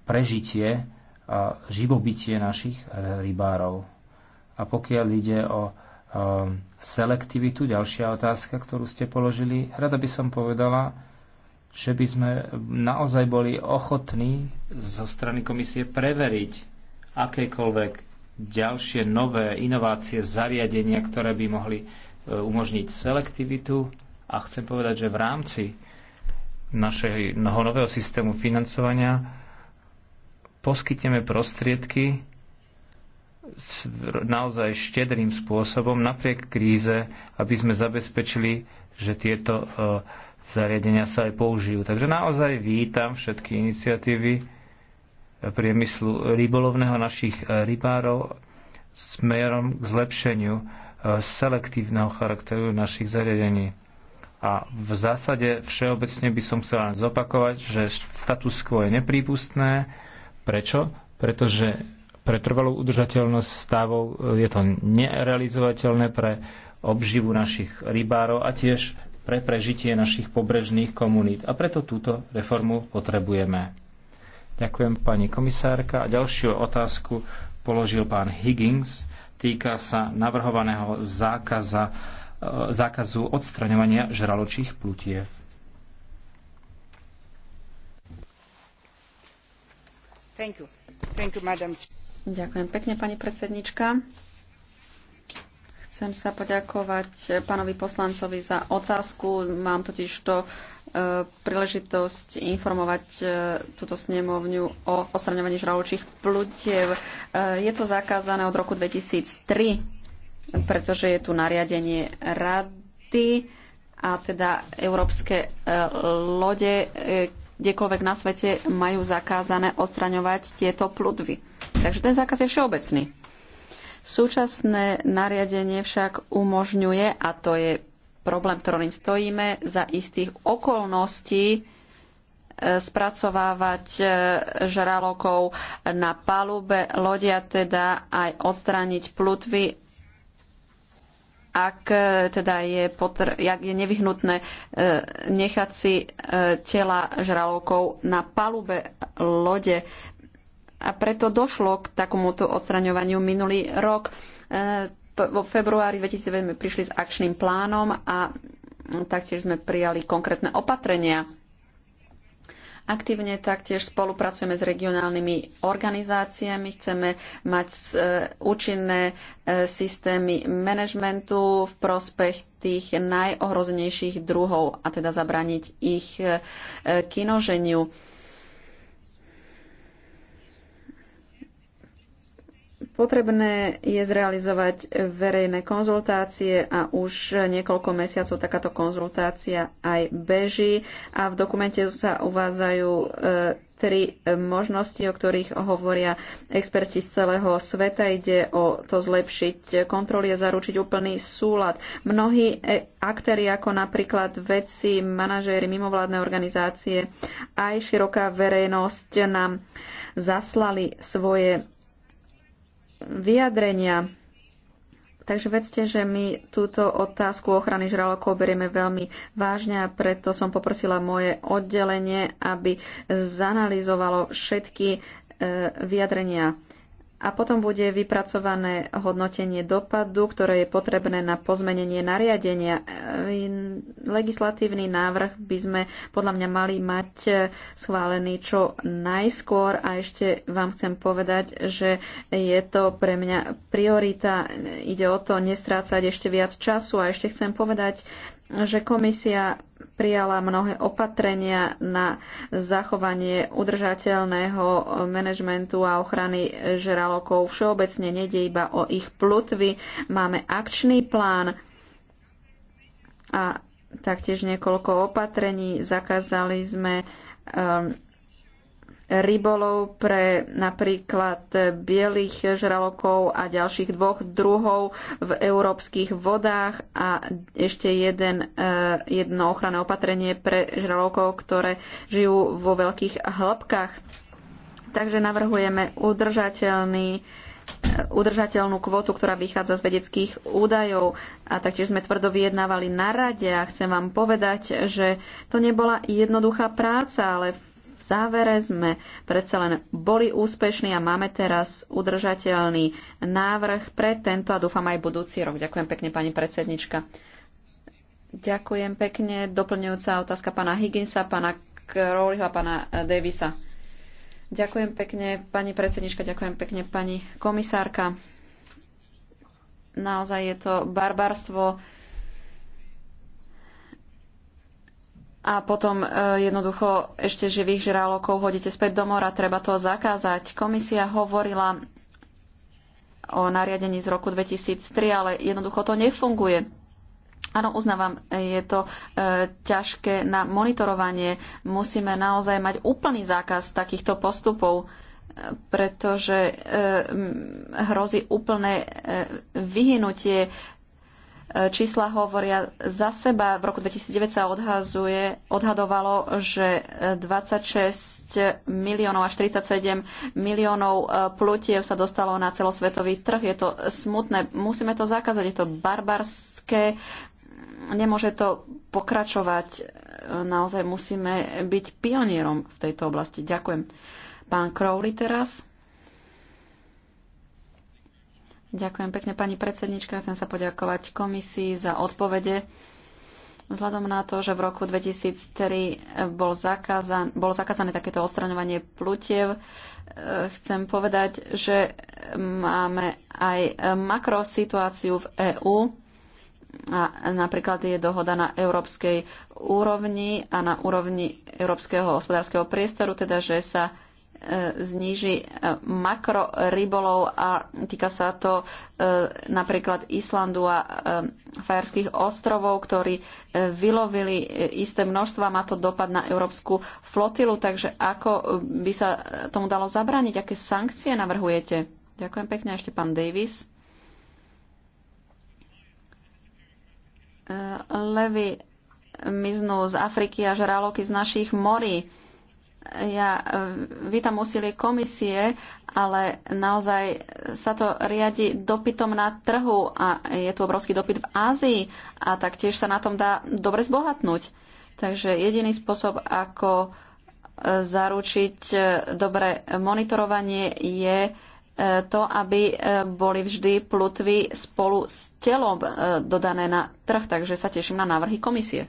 prežitie a živobytie našich rybárov. A pokiaľ ide o selektivitu, ďalšia otázka, ktorú ste položili, rada by som povedala, že by sme naozaj boli ochotní zo strany komisie preveriť akékoľvek ďalšie nové inovácie, zariadenia, ktoré by mohli e, umožniť selektivitu. A chcem povedať, že v rámci našeho nového systému financovania poskytneme prostriedky s naozaj štedrým spôsobom napriek kríze, aby sme zabezpečili, že tieto uh, zariadenia sa aj použijú. Takže naozaj vítam všetky iniciatívy priemyslu rybolovného našich e, rybárov smerom k zlepšeniu e, selektívneho charakteru našich zariadení. A v zásade všeobecne by som chcel len zopakovať, že status quo je neprípustné. Prečo? Pretože pre trvalú udržateľnosť stavov e, je to nerealizovateľné pre obživu našich rybárov a tiež pre prežitie našich pobrežných komunít. A preto túto reformu potrebujeme. Ďakujem pani komisárka. A ďalšiu otázku položil pán Higgins. Týka sa navrhovaného zákaza, e, zákazu odstraňovania žraločích plutiev. Thank you. Thank you, Ďakujem pekne, pani predsednička. Chcem sa poďakovať pánovi poslancovi za otázku. Mám totiž to e, príležitosť informovať e, túto snemovňu o ostraňovaní žraločích plutiev. E, je to zakázané od roku 2003, pretože je tu nariadenie rady a teda európske lode, kdekoľvek na svete majú zakázané ostraňovať tieto plutvy. Takže ten zákaz je všeobecný. Súčasné nariadenie však umožňuje, a to je problém, ktorým stojíme, za istých okolností e, spracovávať e, žralokov na palube lodia, teda aj odstrániť plutvy ak e, teda je, potr- ak je nevyhnutné nechať si tela žralokov na palube lode a preto došlo k takomuto odstraňovaniu minulý rok. E, vo februári 2007 prišli s akčným plánom a taktiež sme prijali konkrétne opatrenia. Aktívne taktiež spolupracujeme s regionálnymi organizáciami, chceme mať e, účinné e, systémy manažmentu v prospech tých najohroznejších druhov a teda zabraniť ich kinoženiu Potrebné je zrealizovať verejné konzultácie a už niekoľko mesiacov takáto konzultácia aj beží a v dokumente sa uvádzajú e, tri možnosti, o ktorých hovoria experti z celého sveta. Ide o to zlepšiť kontroly a zaručiť úplný súlad. Mnohí e, aktéry, ako napríklad vedci, manažéri, mimovládne organizácie, aj široká verejnosť nám zaslali svoje vyjadrenia. Takže vedzte, že my túto otázku ochrany žralokov berieme veľmi vážne a preto som poprosila moje oddelenie, aby zanalizovalo všetky e, vyjadrenia a potom bude vypracované hodnotenie dopadu, ktoré je potrebné na pozmenenie nariadenia. E, legislatívny návrh by sme podľa mňa mali mať e, schválený čo najskôr a ešte vám chcem povedať, že je to pre mňa priorita. Ide o to nestrácať ešte viac času a ešte chcem povedať, že komisia prijala mnohé opatrenia na zachovanie udržateľného manažmentu a ochrany žralokov. Všeobecne nejde iba o ich plutvy. Máme akčný plán a taktiež niekoľko opatrení. Zakázali sme um, rybolov pre napríklad bielých žralokov a ďalších dvoch druhov v európskych vodách a ešte jeden, eh, jedno ochranné opatrenie pre žralokov, ktoré žijú vo veľkých hĺbkách. Takže navrhujeme udržateľný eh, udržateľnú kvotu, ktorá vychádza z vedeckých údajov. A taktiež sme tvrdo vyjednávali na rade a chcem vám povedať, že to nebola jednoduchá práca, ale závere sme predsa len boli úspešní a máme teraz udržateľný návrh pre tento a dúfam aj budúci rok. Ďakujem pekne, pani predsednička. Ďakujem pekne. Doplňujúca otázka pána Higginsa, pána Crowleyho a pána Davisa. Ďakujem pekne, pani predsednička, ďakujem pekne, pani komisárka. Naozaj je to barbarstvo a potom e, jednoducho ešte živých žralokov hodíte späť do mora, treba to zakázať. Komisia hovorila o nariadení z roku 2003, ale jednoducho to nefunguje. Áno, uznávam, je to e, ťažké na monitorovanie. Musíme naozaj mať úplný zákaz takýchto postupov, e, pretože e, hrozí úplné e, vyhynutie E, čísla hovoria za seba. V roku 2009 sa odhazuje, odhadovalo, že 26 e, miliónov až 47 miliónov e, plutiev sa dostalo na celosvetový trh. Je to smutné. Musíme to zakázať. Je to barbarské. Nemôže to pokračovať. Naozaj musíme byť pionierom v tejto oblasti. Ďakujem. Pán Crowley teraz. Ďakujem pekne, pani predsednička. Chcem sa poďakovať komisii za odpovede. Vzhľadom na to, že v roku 2003 bol zakázan, bolo zakázané takéto ostraňovanie plutiev, e, chcem povedať, že máme aj makrosituáciu v EÚ. A napríklad je dohoda na európskej úrovni a na úrovni európskeho hospodárskeho priestoru, teda že sa zníži e, rybolov a týka sa to e, napríklad Islandu a e, Fajerských ostrovov, ktorí vylovili isté množstva, má to dopad na európsku flotilu, takže ako by sa tomu dalo zabrániť, aké sankcie navrhujete? Ďakujem pekne, ešte pán Davis. Levy miznú z Afriky a žraloky z našich morí ja e, vítam úsilie komisie, ale naozaj sa to riadi dopytom na trhu a je tu obrovský dopyt v Ázii a taktiež sa na tom dá dobre zbohatnúť. Takže jediný spôsob, ako e, zaručiť e, dobré monitorovanie, je to, aby boli vždy plutvy spolu s telom dodané na trh. Takže sa teším na návrhy komisie.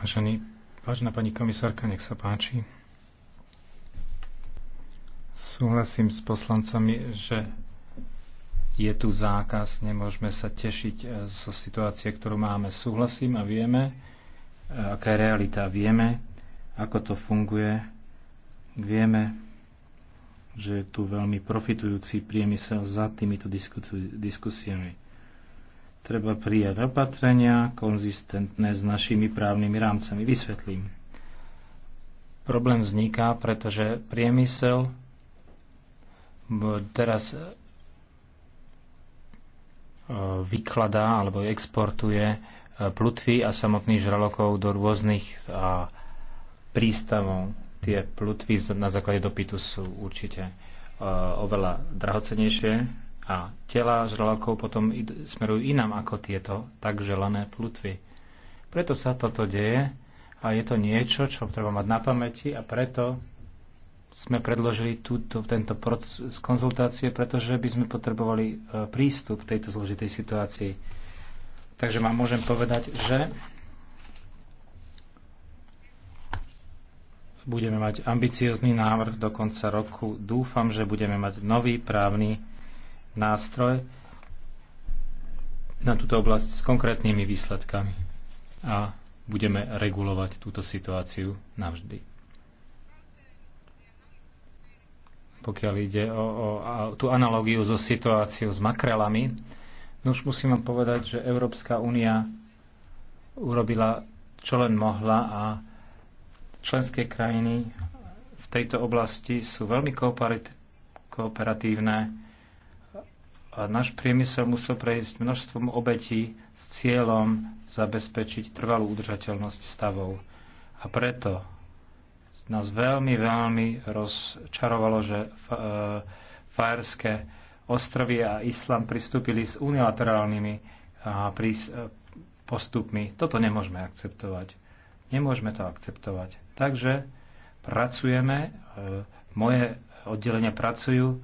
Vážený Vážená pani komisárka, nech sa páči. Súhlasím s poslancami, že je tu zákaz, nemôžeme sa tešiť e, zo situácie, ktorú máme. Súhlasím a vieme, e, aká je realita. Vieme, ako to funguje. Vieme, že je tu veľmi profitujúci priemysel za týmito diskusiami. Treba prijať opatrenia konzistentné s našimi právnymi rámcami. Vysvetlím. Problém vzniká, pretože priemysel teraz e, vykladá alebo exportuje e, plutvy a samotných žralokov do rôznych prístavov. Tie plutvy na základe dopytu sú určite e, oveľa drahocenejšie a tela žralokov potom smerujú inám ako tieto tak želané plutvy. Preto sa toto deje a je to niečo, čo treba mať na pamäti a preto sme predložili túto, tento proces konzultácie, pretože by sme potrebovali e, prístup k tejto zložitej situácii. Takže vám môžem povedať, že budeme mať ambiciozný návrh do konca roku. Dúfam, že budeme mať nový právny nástroj na túto oblasť s konkrétnymi výsledkami a budeme regulovať túto situáciu navždy. Pokiaľ ide o, o a, tú analógiu so situáciou s makrelami, no už musím vám povedať, že Európska únia urobila čo len mohla a členské krajiny v tejto oblasti sú veľmi kooperatívne náš priemysel musel prejsť množstvom obetí s cieľom zabezpečiť trvalú udržateľnosť stavov. A preto nás veľmi, veľmi rozčarovalo, že e, Fajerské ostrovy a Islam pristúpili s unilaterálnymi e, postupmi. Toto nemôžeme akceptovať. Nemôžeme to akceptovať. Takže pracujeme, e, moje oddelenia pracujú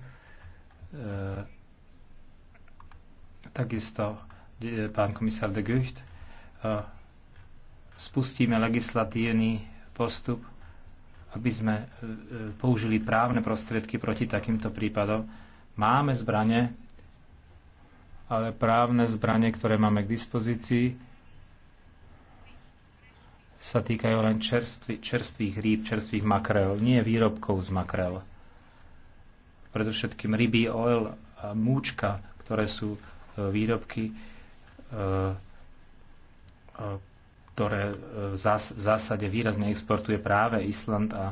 Takisto pán komisár de Gucht spustíme legislatívny postup, aby sme e, e, použili právne prostriedky proti takýmto prípadom. Máme zbranie, ale právne zbranie, ktoré máme k dispozícii, sa týkajú len čerstvý, čerstvých rýb, čerstvých makrel, nie výrobkov z makrel. Predovšetkým rybí oil a múčka, ktoré sú výrobky, e, e, ktoré v zásade výrazne exportuje práve Island a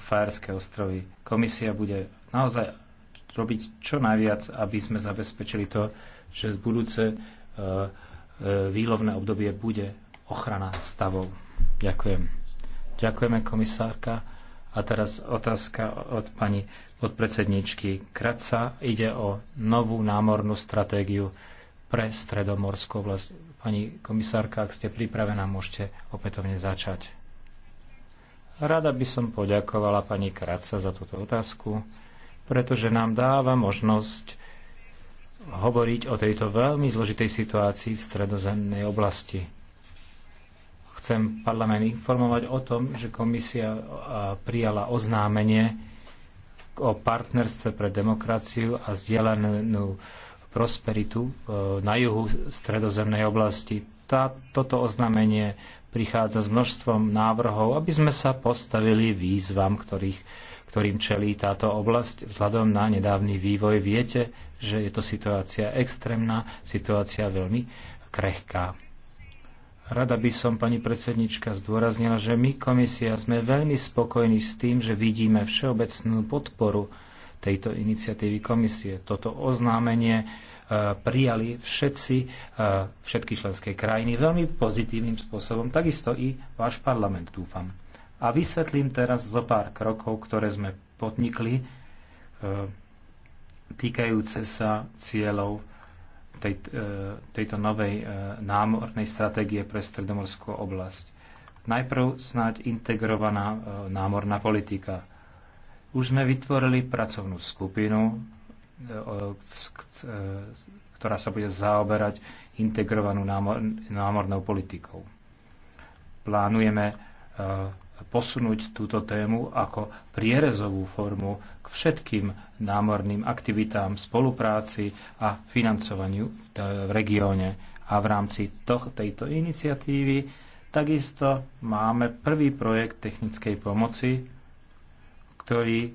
Fajerské e, ostrovy. Komisia bude naozaj robiť čo najviac, aby sme zabezpečili to, že z budúce výlovné obdobie bude ochrana stavov. Ďakujem. Ďakujeme, komisárka. A teraz otázka od pani podpredsedničky Kratca. Ide o novú námornú stratégiu pre stredomorskú oblasť. Pani komisárka, ak ste pripravená, môžete opätovne začať. Rada by som poďakovala pani Kratca za túto otázku, pretože nám dáva možnosť hovoriť o tejto veľmi zložitej situácii v stredozemnej oblasti. Chcem parlament informovať o tom, že komisia prijala oznámenie o partnerstve pre demokraciu a zdieľanú prosperitu e, na juhu stredozemnej oblasti. Tá, toto oznámenie prichádza s množstvom návrhov, aby sme sa postavili výzvam, ktorých, ktorým čelí táto oblasť. Vzhľadom na nedávny vývoj viete, že je to situácia extrémna, situácia veľmi krehká. Rada by som, pani predsednička, zdôraznila, že my, komisia, sme veľmi spokojní s tým, že vidíme všeobecnú podporu tejto iniciatívy komisie. Toto oznámenie e, prijali všetci, e, všetky členské krajiny veľmi pozitívnym spôsobom, takisto i váš parlament, dúfam. A vysvetlím teraz zo pár krokov, ktoré sme podnikli e, týkajúce sa cieľov tej, e, tejto novej e, námornej stratégie pre stredomorskú oblasť. Najprv snáď integrovaná e, námorná politika. Už sme vytvorili pracovnú skupinu, ktorá sa bude zaoberať integrovanú námornou politikou. Plánujeme posunúť túto tému ako prierezovú formu k všetkým námorným aktivitám, spolupráci a financovaniu v regióne. A v rámci tejto iniciatívy takisto máme prvý projekt technickej pomoci, ktorý e,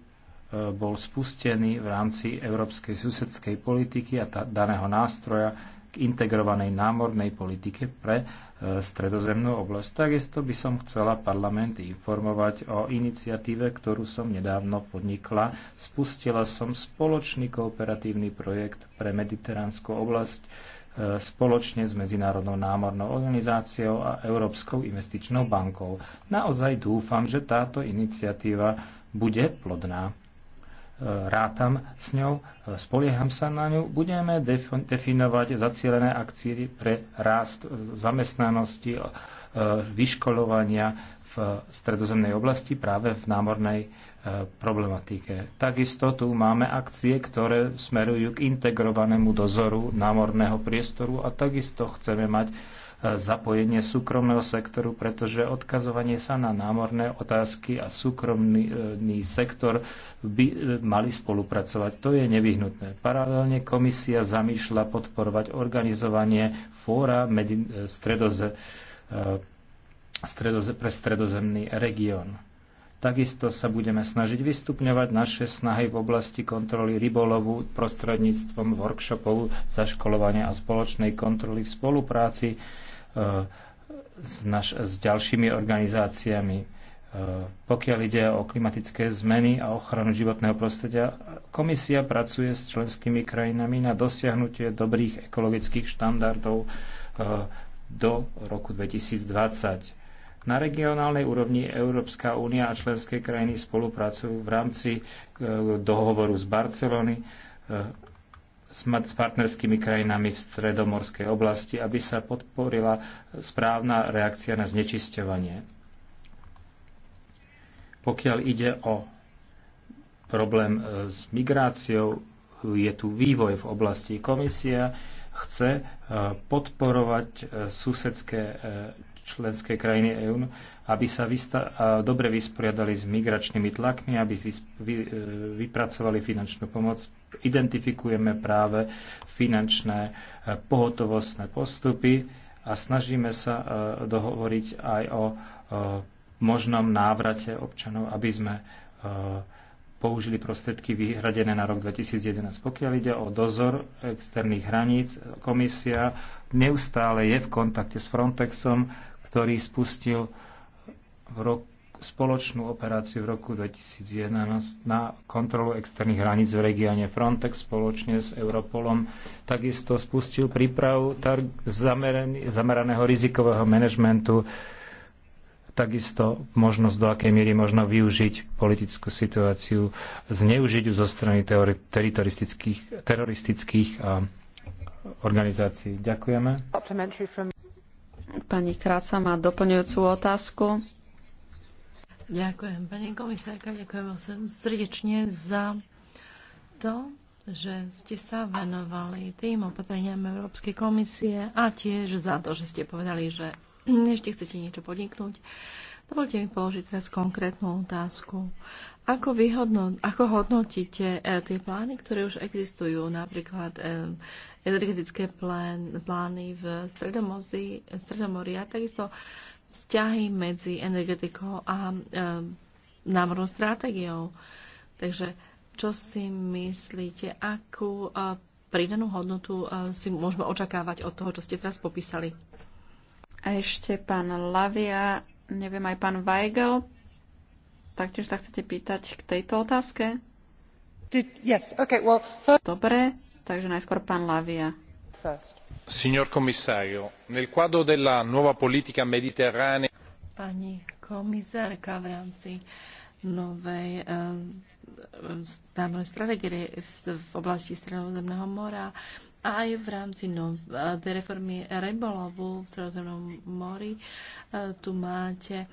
bol spustený v rámci európskej susedskej politiky a daného nástroja k integrovanej námornej politike pre e, stredozemnú oblasť. Takisto by som chcela parlament informovať o iniciatíve, ktorú som nedávno podnikla. Spustila som spoločný kooperatívny projekt pre mediteránsku oblasť e, spoločne s Medzinárodnou námornou organizáciou a Európskou investičnou bankou. Naozaj dúfam, že táto iniciatíva bude plodná rátam s ňou, spolieham sa na ňu, budeme definovať zacielené akcie pre rást zamestnanosti, e, vyškolovania v stredozemnej oblasti práve v námornej e, problematike. Takisto tu máme akcie, ktoré smerujú k integrovanému dozoru námorného priestoru a takisto chceme mať zapojenie súkromného sektoru, pretože odkazovanie sa na námorné otázky a súkromný e, sektor by e, mali spolupracovať. To je nevyhnutné. Paralelne komisia zamýšľa podporovať organizovanie fóra medzi e, stredoze, stredoze, pre stredozemný región. Takisto sa budeme snažiť vystupňovať naše snahy v oblasti kontroly rybolovu prostredníctvom workshopov, zaškolovania a spoločnej kontroly v spolupráci E, s, naš, s ďalšími organizáciami. E, pokiaľ ide o klimatické zmeny a ochranu životného prostredia, komisia pracuje s členskými krajinami na dosiahnutie dobrých ekologických štandardov e, do roku 2020. Na regionálnej úrovni Európska únia a členské krajiny spolupracujú v rámci dohovoru z Barcelony s partnerskými krajinami v stredomorskej oblasti, aby sa podporila správna reakcia na znečisťovanie. Pokiaľ ide o problém e, s migráciou, je tu vývoj v oblasti. Komisia chce e, podporovať e, susedské členské krajiny EÚ, aby sa dobre vysporiadali s migračnými tlakmi, aby vypracovali finančnú pomoc identifikujeme práve finančné e, pohotovostné postupy a snažíme sa e, dohovoriť aj o e, možnom návrate občanov, aby sme použili prostriedky vyhradené na rok 2011. Pokiaľ ide o dozor externých hraníc, komisia neustále je v kontakte s Frontexom, ktorý spustil v roku spoločnú operáciu v roku 2011 na kontrolu externých hraníc v regióne Frontex spoločne s Europolom takisto spustil prípravu zameraného rizikového manažmentu, takisto možnosť, do akej miery možno využiť politickú situáciu, zneužiť ju zo strany teroristických, teroristických organizácií. Ďakujeme. Pani Kráca má doplňujúcu otázku. Ďakujem, pani komisárka, ďakujem vám srdečne za to, že ste sa venovali tým opatreniam Európskej komisie a tiež za to, že ste povedali, že ešte chcete niečo podniknúť. Dovolte mi položiť teraz konkrétnu otázku. Ako, vyhodno, ako hodnotíte eh, tie plány, ktoré už existujú, napríklad eh, energetické plán, plány v Stredomori a takisto vzťahy medzi energetikou a e, námornou stratégiou. Takže čo si myslíte, akú e, pridanú hodnotu e, si môžeme očakávať od toho, čo ste teraz popísali? A ešte pán Lavia, neviem aj pán Weigel, taktiež sa chcete pýtať k tejto otázke? Did, yes, okay, well, first... Dobre, takže najskôr pán Lavia. First signor commissario nel quadro della nuova politica mediterranea. pani komisárka v rámci novej námornej eh, stratégie v oblasti stredozemného mora aj v rámci novej eh, reformy rybolovu v stredozemnom mori eh, tu máte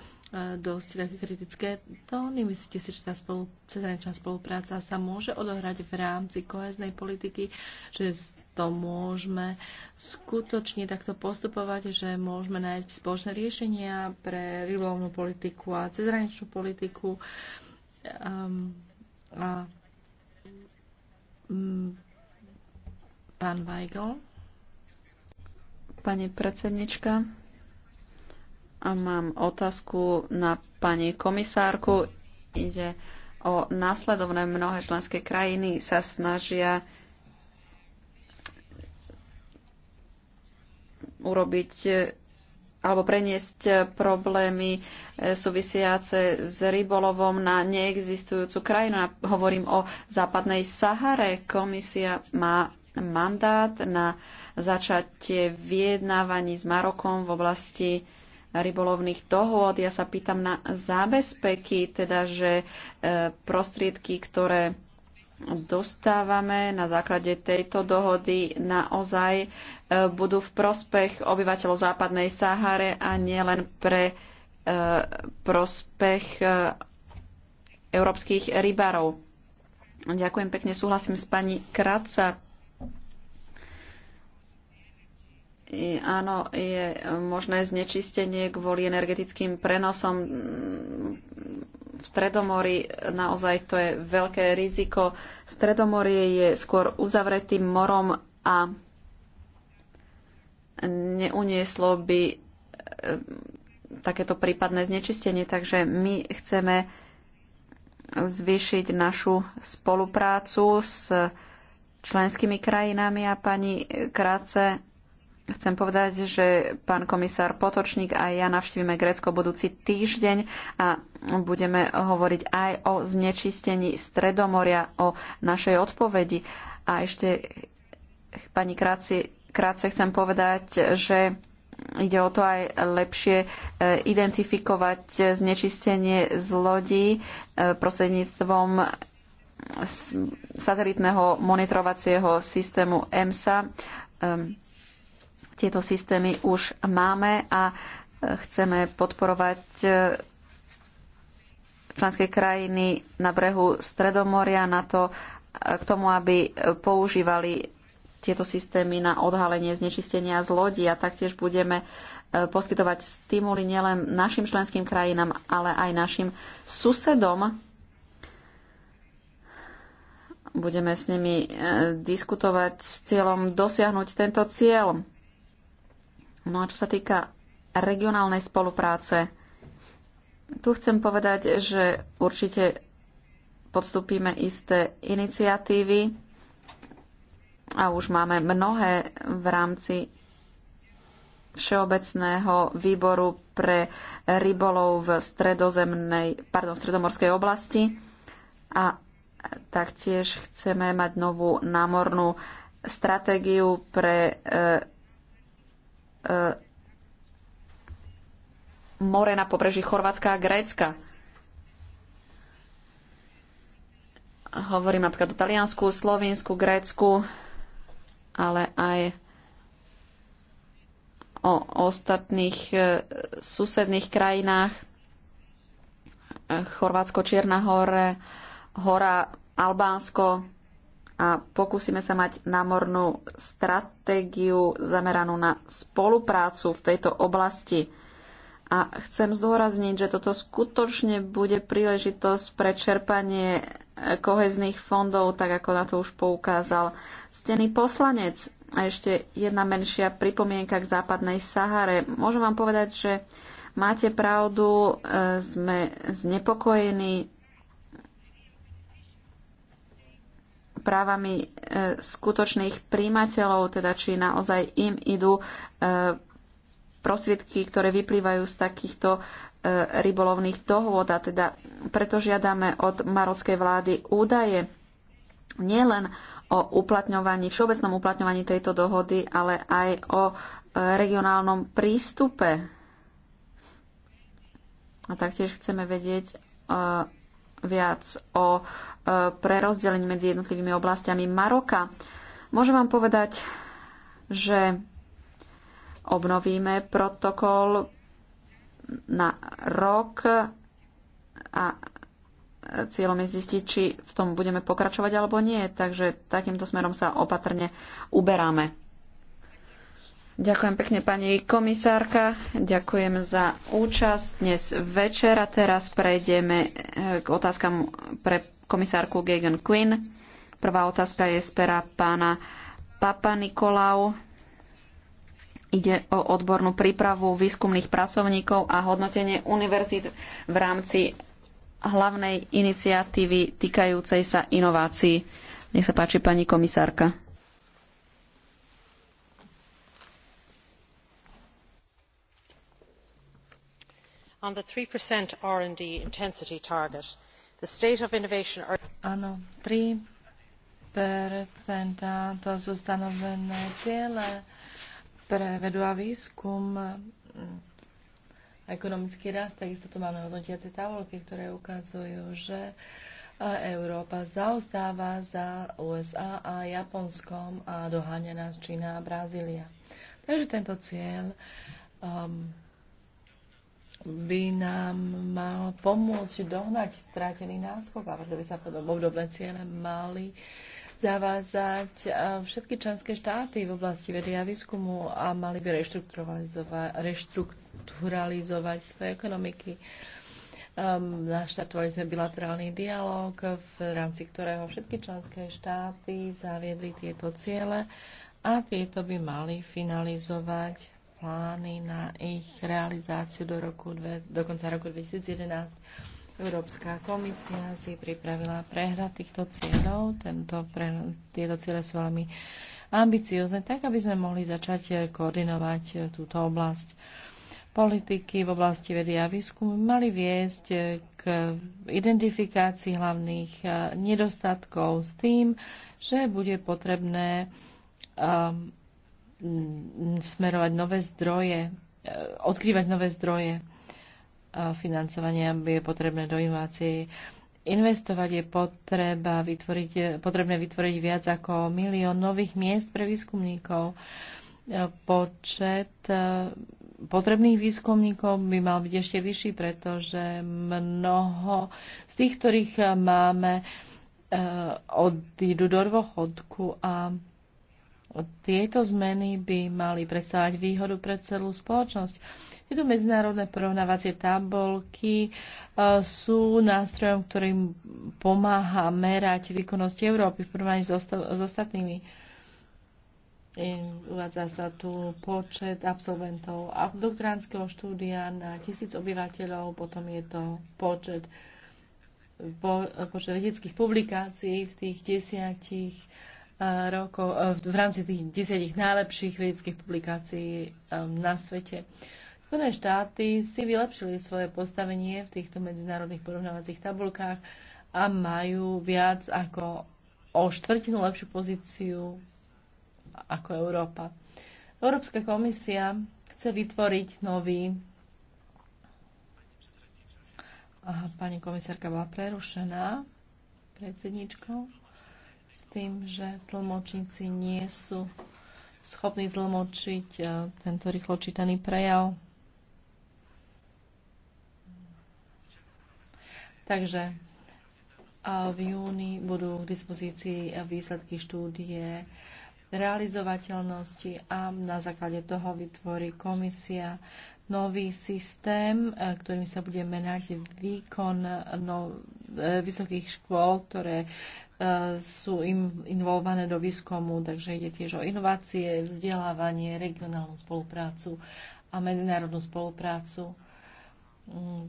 dosť také kritické tóny. Myslíte si, že tá spolu, cezhraničná spolupráca sa môže odohrať v rámci koheznej politiky, že to môžeme skutočne takto postupovať, že môžeme nájsť spoločné riešenia pre rybolovnú politiku a cezhraničnú politiku. Um, a, um, pán Weigl. Pani predsednička, a mám otázku na pani komisárku. Ide o následovné mnohé členské krajiny sa snažia urobiť e, alebo preniesť e, problémy e, súvisiace s rybolovom na neexistujúcu krajinu. Hovorím o západnej Sahare. Komisia má mandát na začatie vyjednávaní s Marokom v oblasti rybolovných dohôd. Ja sa pýtam na zábezpeky, teda že prostriedky, ktoré dostávame na základe tejto dohody naozaj e, budú v prospech obyvateľov západnej Sahare a nielen pre e, prospech e, európskych rybárov. Ďakujem pekne, súhlasím s pani Kráca. áno, je možné znečistenie kvôli energetickým prenosom v Stredomori. Naozaj to je veľké riziko. Stredomorie je skôr uzavretým morom a neunieslo by e, takéto prípadné znečistenie. Takže my chceme zvýšiť našu spoluprácu s členskými krajinami a pani Kráce Chcem povedať, že pán komisár Potočník a ja navštívime Grécko budúci týždeň a budeme hovoriť aj o znečistení Stredomoria, o našej odpovedi. A ešte pani Kráci, krátce chcem povedať, že ide o to aj lepšie e, identifikovať znečistenie z lodí e, prostredníctvom satelitného monitorovacieho systému EMSA ehm, tieto systémy už máme a e, chceme podporovať e, členské krajiny na brehu Stredomoria na to, e, k tomu, aby používali tieto systémy na odhalenie znečistenia z lodi a taktiež budeme poskytovať stimuly nielen našim členským krajinám, ale aj našim susedom. Budeme s nimi diskutovať s cieľom dosiahnuť tento cieľ. No a čo sa týka regionálnej spolupráce, tu chcem povedať, že určite podstúpime isté iniciatívy a už máme mnohé v rámci Všeobecného výboru pre rybolov v stredozemnej, pardon, stredomorskej oblasti a taktiež chceme mať novú námornú stratégiu pre e, E, more na pobreží Chorvátska a Grécka. Hovorím napríklad o Taliansku, Slovinsku, Grécku, ale aj o ostatných e, susedných krajinách. E, Chorvátsko, Čierna hore, hora, Albánsko, a pokúsime sa mať námornú stratégiu zameranú na spoluprácu v tejto oblasti. A chcem zdôrazniť, že toto skutočne bude príležitosť pre čerpanie eh, kohezných fondov, tak ako na to už poukázal stený poslanec. A ešte jedna menšia pripomienka k západnej Sahare. Môžem vám povedať, že máte pravdu, eh, sme znepokojení právami e, skutočných príjimateľov, teda či naozaj im idú e, prostriedky, ktoré vyplývajú z takýchto e, rybolovných dohôd. A teda preto žiadame od marockej vlády údaje nielen o uplatňovaní, všeobecnom uplatňovaní tejto dohody, ale aj o regionálnom prístupe. A taktiež chceme vedieť viac o e, prerozdelení medzi jednotlivými oblastiami Maroka. Môžem vám povedať, že obnovíme protokol na rok a e, cieľom je zistiť, či v tom budeme pokračovať alebo nie. Takže takýmto smerom sa opatrne uberáme. Ďakujem pekne pani komisárka, ďakujem za účasť dnes večer a teraz prejdeme eh, k otázkam pre komisárku Gagan Quinn. Prvá otázka je z pera pána Papa Nikolau. Ide o odbornú prípravu výskumných pracovníkov a hodnotenie univerzít v rámci hlavnej iniciatívy týkajúcej sa inovácií. Nech sa páči, pani komisárka. on the three rd intensity target the state of innovation Áno, 3 to sú stanovené ciele pre vedu a výskum mm, ekonomický rast. Takisto tu máme hodnotiace tabulky, ktoré ukazujú, že e, Európa zaostáva za USA a Japonskom a doháňa nás Čína a Brazília. Takže tento cieľ um, by nám mal pomôcť dohnať strátený náskok a preto by sa pod obdobné ciele mali zavázať e, všetky členské štáty v oblasti vedy a výskumu a mali by reštrukturalizovať, reštrukturalizovať svoje ekonomiky. Um, naštartovali sme bilaterálny dialog, v rámci ktorého všetky členské štáty zaviedli tieto ciele a tieto by mali finalizovať plány na ich realizáciu do, roku, do konca roku 2011. Európska komisia si pripravila prehľad týchto cieľov. Tento prehľad, tieto cieľe sú veľmi ambiciozne, tak aby sme mohli začať eh, koordinovať eh, túto oblasť. Politiky v oblasti vedy a výskumu mali viesť eh, k identifikácii hlavných nedostatkov s tým, že bude potrebné um, smerovať nové zdroje, e, odkrývať nové zdroje e, financovania je potrebné do inovácií. Investovať je potreba vytvoriť, e, potrebné vytvoriť viac ako milión nových miest pre výskumníkov. Počet potrebných výskumníkov by mal byť ešte vyšší, pretože mnoho z tých, ktorých máme, odídu do dôchodku a tieto zmeny by mali predstavať výhodu pre celú spoločnosť. Tieto medzinárodné porovnávacie tabulky e, sú nástrojom, ktorým pomáha merať výkonnosť Európy v porovnaní s, ostatnými. E, uvádza sa tu počet absolventov a doktoránskeho štúdia na tisíc obyvateľov, potom je to počet, po, počet vedeckých publikácií v tých desiatich rokov, eh, v rámci tých desiatich najlepších vedeckých publikácií eh, na svete. Spojené štáty si vylepšili svoje postavenie v týchto medzinárodných porovnávacích tabulkách a majú viac ako o štvrtinu lepšiu pozíciu ako Európa. Európska komisia chce vytvoriť nový. Aha, pani komisárka bola prerušená predsedničkou s tým, že tlmočníci nie sú schopní tlmočiť e, tento rýchlo čítaný prejav. Takže e, v júni budú k dispozícii výsledky štúdie realizovateľnosti a na základe toho vytvorí komisia nový systém, e, ktorým sa bude menať výkon no, vysokých škôl, ktoré sú im involvované do výskumu, takže ide tiež o inovácie, vzdelávanie, regionálnu spoluprácu a medzinárodnú spoluprácu. Mm,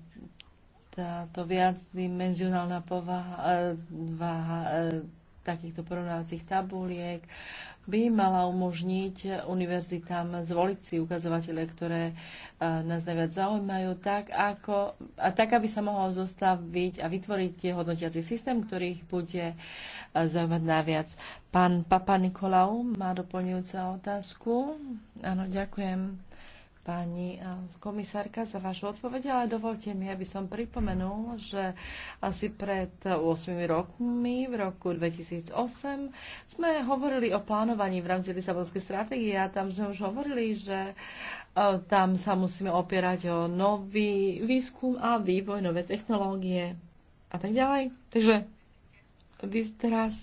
táto viacdimenzionálna povaha, eh, váha, eh, takýchto porovnávacích tabuliek by mala umožniť univerzitám zvoliť si ukazovatele, ktoré eh, nás najviac zaujímajú, tak, ako, a tak aby sa mohol zostaviť a vytvoriť tie hodnotiaci systém, ktorý ich bude eh, zaujímať najviac. Pán Papa Nikolau má doplňujúcu otázku. Áno, ďakujem pani eh, komisárka, za vašu odpoveď, ale dovolte mi, aby som pripomenul, že asi pred 8 rokmi, v roku 2008, sme hovorili o plánovaní v rámci Lisabonskej stratégie a tam sme už hovorili, že eh, tam sa musíme opierať o nový výskum a vývoj, nové technológie a tak ďalej. Takže vy teraz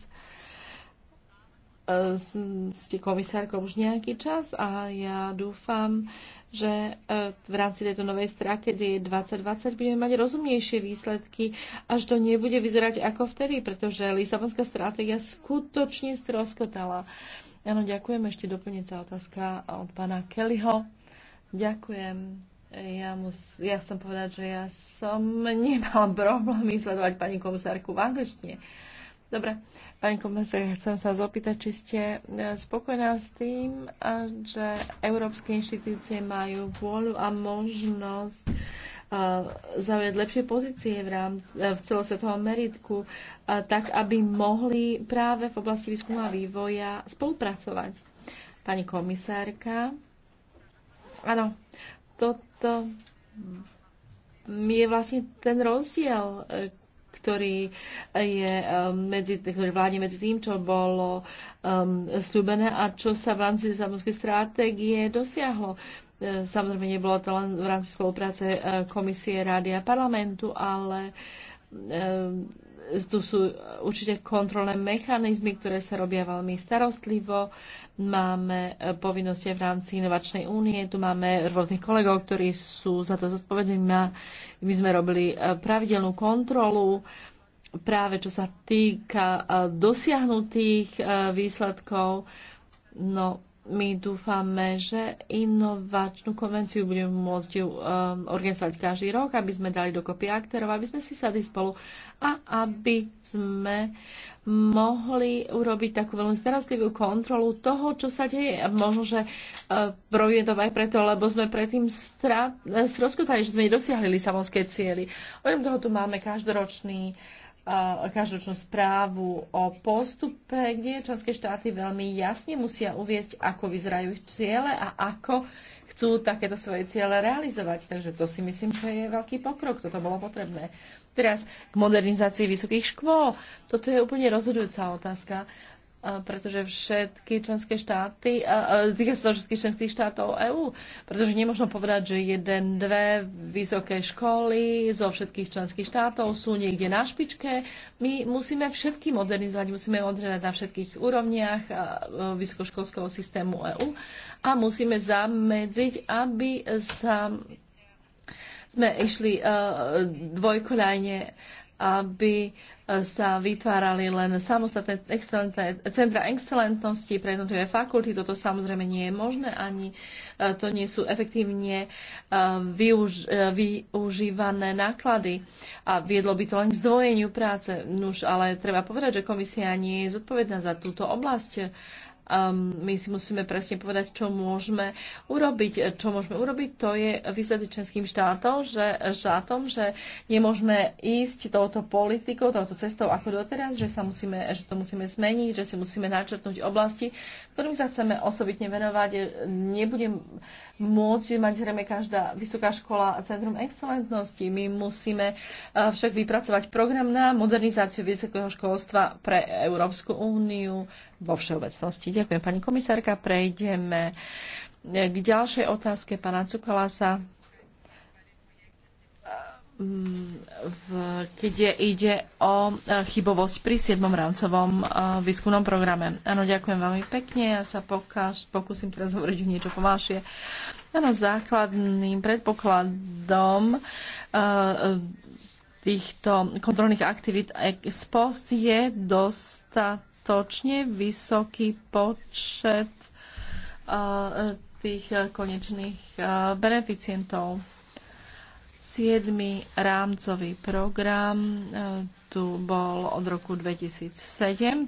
ste komisárkom už nejaký čas a ja dúfam, že v rámci tejto novej stratégie 2020 budeme mať rozumnejšie výsledky, až to nebude vyzerať ako vtedy, pretože Lisabonská stratégia skutočne stroskotala. Áno, ďakujem. Ešte doplňujúca otázka od pána Kellyho. Ďakujem. Ja, mus, ja chcem povedať, že ja som nemala problémy sledovať pani komisárku v angličtine. Uh, Dobre, pani komisár, chcem sa zopýtať, či ste e, spokojná s tým, že európske inštitúcie majú vôľu a možnosť e, zaujať lepšie pozície v, rám- e, v celosvetovom meritku, tak aby mohli práve v oblasti výskumu a vývoja spolupracovať. Pani komisárka, áno, toto je vlastne ten rozdiel, ktorý eh, je eh, medzi, ktorý vládne medzi tým, čo bolo um, slúbené a čo sa v rámci samotnej stratégie dosiahlo. Eh, samozrejme, nebolo to len v rámci spolupráce komisie, rády a parlamentu, ale uh, Ehm, tu sú určite kontrolné mechanizmy, ktoré sa robia veľmi starostlivo. Máme e, povinnosti v rámci Inovačnej únie, tu máme rôznych kolegov, ktorí sú za to zodpovední. My sme robili e, pravidelnú kontrolu práve čo sa týka e, dosiahnutých výsledkov. No, my dúfame, že inovačnú konvenciu budeme môcť ju, um, organizovať každý rok, aby sme dali dokopy aktérov, aby sme si sadli spolu a aby sme mohli urobiť takú veľmi starostlivú kontrolu toho, čo sa deje. Možno, že uh, robíme to aj preto, lebo sme predtým stroskotali, že sme nedosiahli lisabonské cieľy. Okrem toho tu máme každoročný uh, každoročnú správu o postupe, kde členské štáty veľmi jasne musia uviesť, ako vyzerajú ich ciele a ako chcú takéto svoje ciele realizovať. Takže to si myslím, že je veľký pokrok. Toto bolo potrebné. Teraz k modernizácii vysokých škôl. Toto je úplne rozhodujúca otázka pretože všetky členské štáty, týka sa to všetkých členských štátov EÚ, pretože nemôžno povedať, že jeden, dve vysoké školy zo všetkých členských štátov sú niekde na špičke. My musíme všetky modernizovať, musíme modernizovať na všetkých úrovniach vysokoškolského systému EÚ a musíme zamedziť, aby sa sme išli dvojkoľajne aby e, sa vytvárali len samostatné excelentné, centra excelentnosti pre jednotlivé fakulty. Toto samozrejme nie je možné, ani e, to nie sú efektívne e, využ, využívané náklady a viedlo by to len k zdvojeniu práce. Nuž, ale treba povedať, že komisia nie je zodpovedná za túto oblasť um, my si musíme presne povedať, čo môžeme urobiť. Čo môžeme urobiť, to je vysvetliť členským štátom, že, štátom, že nemôžeme ísť touto politikou, touto cestou ako doteraz, že, sa musíme, že to musíme zmeniť, že si musíme načrtnúť oblasti, ktorým sa chceme osobitne venovať. Nebudem môcť mať zrejme každá vysoká škola centrum excelentnosti. My musíme eh, však vypracovať program na modernizáciu vysokého školstva pre Európsku úniu, vo všeobecnosti. Ďakujem, pani komisárka. Prejdeme k ďalšej otázke pána Cukalasa. Keď ide o e, chybovosť pri 7. rámcovom e, výskumnom programe. Áno, ďakujem veľmi pekne. Ja sa pokáž, pokúsim teraz hovoriť niečo pomalšie. Áno, základným predpokladom e, týchto kontrolných aktivít ex post je dostat dostatočne vysoký počet eh, tých eh, konečných eh, beneficientov. 7. rámcový program e, tu bol od roku 2007,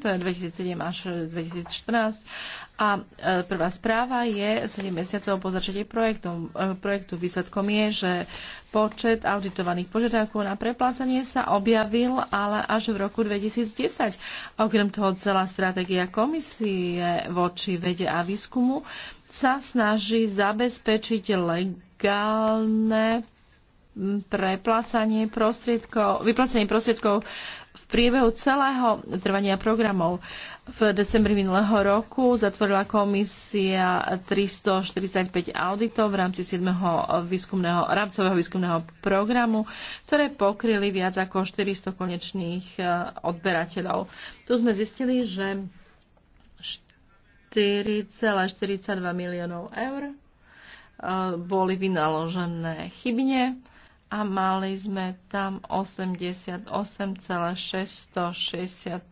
to je 2007 až 2014 a e, prvá správa je 7 mesiacov po začatí projektu. E, projektu. Výsledkom je, že počet auditovaných požiadavkov na preplácanie sa objavil, ale až v roku 2010. Okrem toho celá stratégia komisie voči vede a výskumu sa snaží zabezpečiť legálne preplácanie prostriedkov, vyplácanie prostriedkov v priebehu celého trvania programov. V decembri minulého roku zatvorila komisia 345 auditov v rámci 7. Výskumného, rámcového výskumného programu, ktoré pokryli viac ako 400 konečných e, odberateľov. Tu sme zistili, že 4,42 miliónov eur e, boli vynaložené chybne a mali sme tam 88,663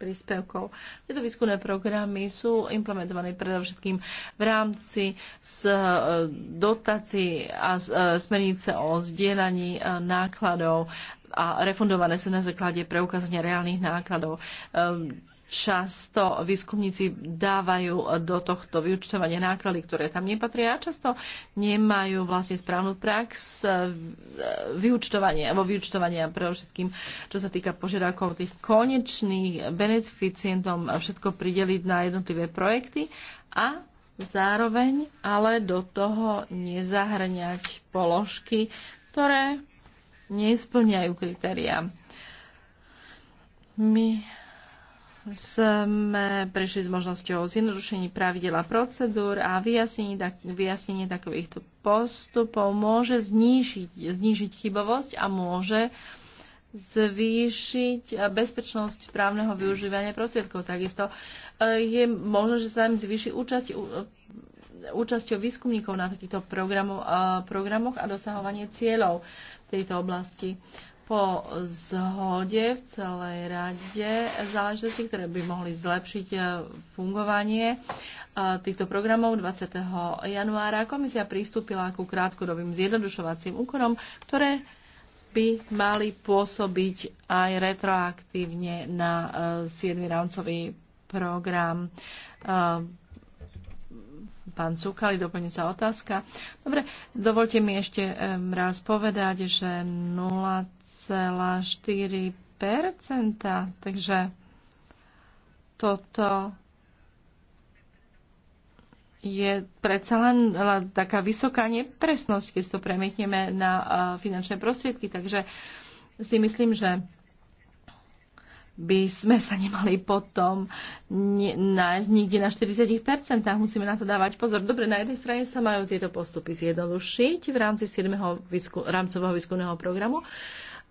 príspevkov. Tieto výskumné programy sú implementované predovšetkým v rámci z e, dotací a e, smernice o zdieľaní e, nákladov a refundované sú na základe preukázania reálnych nákladov. Ehm, Často výskumníci dávajú do tohto vyučtovania náklady, ktoré tam nepatria a často nemajú vlastne správnu prax eh, vyučtovania, alebo vyučtovania pre všetkým, čo sa týka požiadavkov tých konečných beneficientom všetko prideliť na jednotlivé projekty a zároveň ale do toho nezahrňať položky, ktoré nesplňajú kritéria. My sme prešli s možnosťou zjednodušení pravidel a procedúr a vyjasnenie, tak, vyjasnenie takovýchto postupov môže znížiť, znížiť chybovosť a môže zvýšiť bezpečnosť správneho využívania prostriedkov. Takisto eh, je možné, že sa im zvýši účasť účasťou výskumníkov na takýchto eh, programoch a dosahovanie cieľov tejto oblasti po zhode v celej rade záležitosti, ktoré by mohli zlepšiť e, fungovanie e, týchto programov 20. januára komisia pristúpila ku krátkodobým zjednodušovacím úkonom, ktoré by mali pôsobiť aj retroaktívne na 7. E, rámcový program. Pán Cukali, sa otázka. Dobre, dovolte mi ešte raz povedať, že 0 0,4 takže toto je predsa len taká vysoká nepresnosť, keď to premietneme na finančné prostriedky. Takže si myslím, že by sme sa nemali potom nájsť nikde na 40%. Musíme na to dávať pozor. Dobre, na jednej strane sa majú tieto postupy zjednodušiť v rámci 7. Výsku, rámcového výskumného programu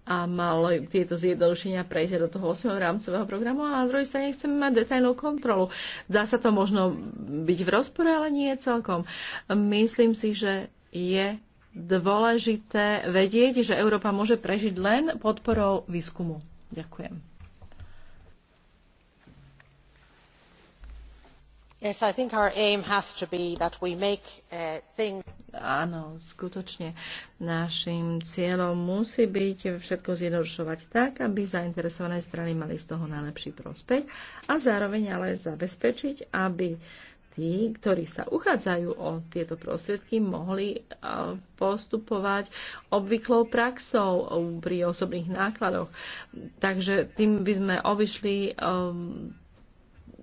a mal tieto zjednodušenia prejsť do toho 8. rámcového programu, ale na druhej strane chceme mať detailnú kontrolu. Dá sa to možno byť v rozpore, ale nie celkom. Myslím si, že je dôležité vedieť, že Európa môže prežiť len podporou výskumu. Ďakujem. Uh, áno, skutočne našim cieľom musí byť všetko zjednodušovať tak, aby zainteresované strany mali z toho najlepší prospech a zároveň ale zabezpečiť, aby tí, ktorí sa uchádzajú o tieto prostriedky, mohli uh, postupovať obvyklou praxou um, pri osobných nákladoch. Takže tým by sme obišli um,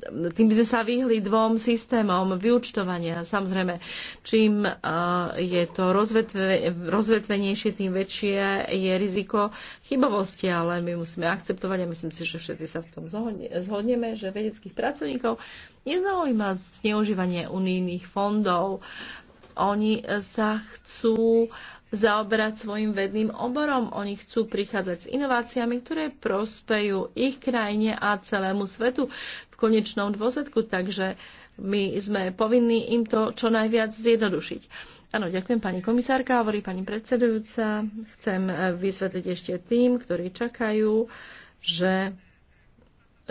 tým by sme sa vyhli dvom systémom vyučtovania. Samozrejme, čím e, je to rozvetve, rozvetvenejšie, tým väčšie je riziko chybovosti, ale my musíme akceptovať a myslím si, že všetci sa v tom zhodneme, že vedeckých pracovníkov nezaujíma zneužívanie unijných fondov. Oni sa chcú uh, zaoberať svojim vedným oborom. Oni chcú prichádzať s inováciami, ktoré prospejú ich krajine a celému svetu v konečnom dôsledku, takže my sme povinní im to čo najviac zjednodušiť. Áno, ďakujem pani komisárka, hovorí pani predsedujúca. Chcem eh, vysvetliť ešte tým, ktorí čakajú, že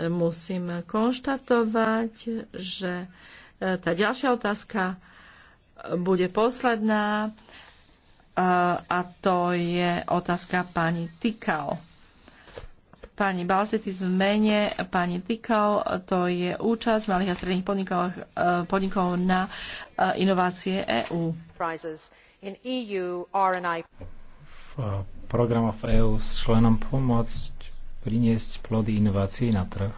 musím konštatovať, že eh, tá ďalšia otázka bude posledná. Eh, a to je otázka pani Tikal. Pani Balsity v mene, pani Tikal, to je účasť malých a stredných podnikov, eh, podnikov na eh, inovácie EÚ. E v programoch EU s členom pomôcť priniesť plody inovácií na trh.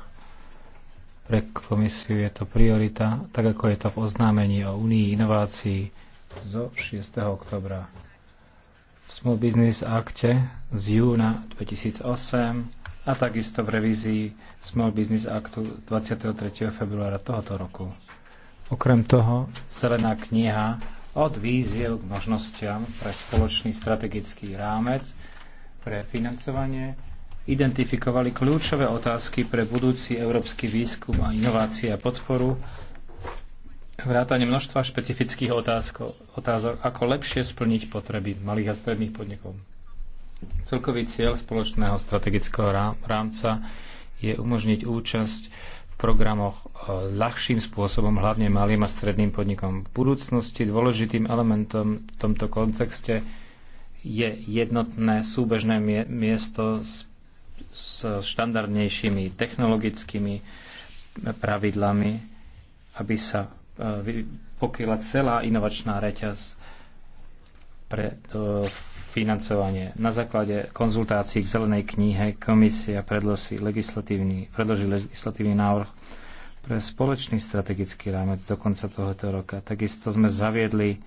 Pre komisiu je to priorita, tak ako je to v oznámení o Unii inovácií zo 6. oktobra v Small Business Acte z júna 2008 a takisto v revízii Small Business Actu 23. februára tohoto roku. Okrem toho, zelená kniha od víziev k možnostiam pre spoločný strategický rámec pre financovanie identifikovali kľúčové otázky pre budúci európsky výskum a inovácie a podporu vrátane množstva špecifických otázkov, otázok, ako lepšie splniť potreby malých a stredných podnikov. Celkový cieľ spoločného strategického rámca je umožniť účasť v programoch e, ľahším spôsobom, hlavne malým a stredným podnikom. V budúcnosti dôležitým elementom v tomto kontexte je jednotné súbežné miesto s, s štandardnejšími technologickými pravidlami, aby sa pokryla celá inovačná reťaz pre e, financovanie. Na základe konzultácií k zelenej knihe komisia predloží legislatívny, predloží legislatívny návrh pre spoločný strategický rámec do konca tohoto roka. Takisto sme zaviedli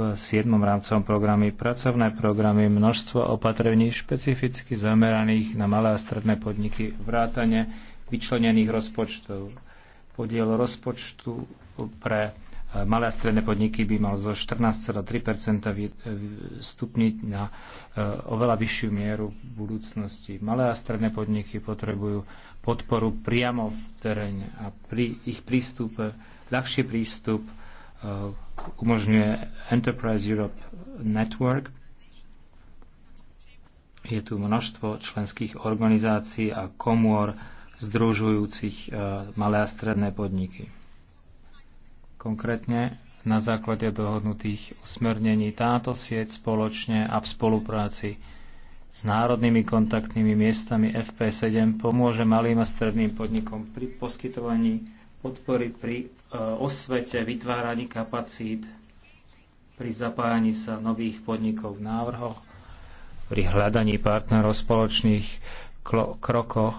v 7. rámcovom programe pracovné programy množstvo opatrení špecificky zameraných na malé a stredné podniky vrátane vyčlenených rozpočtov. Podiel rozpočtu pre e, malé a stredné podniky by mal zo 14,3 e, stupniť na e, oveľa vyššiu mieru v budúcnosti. Malé a stredné podniky potrebujú podporu priamo v teréne a pri ich prístupe, ľahší prístup umožňuje Enterprise Europe Network. Je tu množstvo členských organizácií a komôr, združujúcich e, malé a stredné podniky. Konkrétne na základe dohodnutých usmernení táto sieť spoločne a v spolupráci s národnými kontaktnými miestami FP7 pomôže malým a stredným podnikom pri poskytovaní podpory pri e, osvete, vytváraní kapacít, pri zapájaní sa nových podnikov v návrhoch, pri hľadaní partnerov spoločných krokoch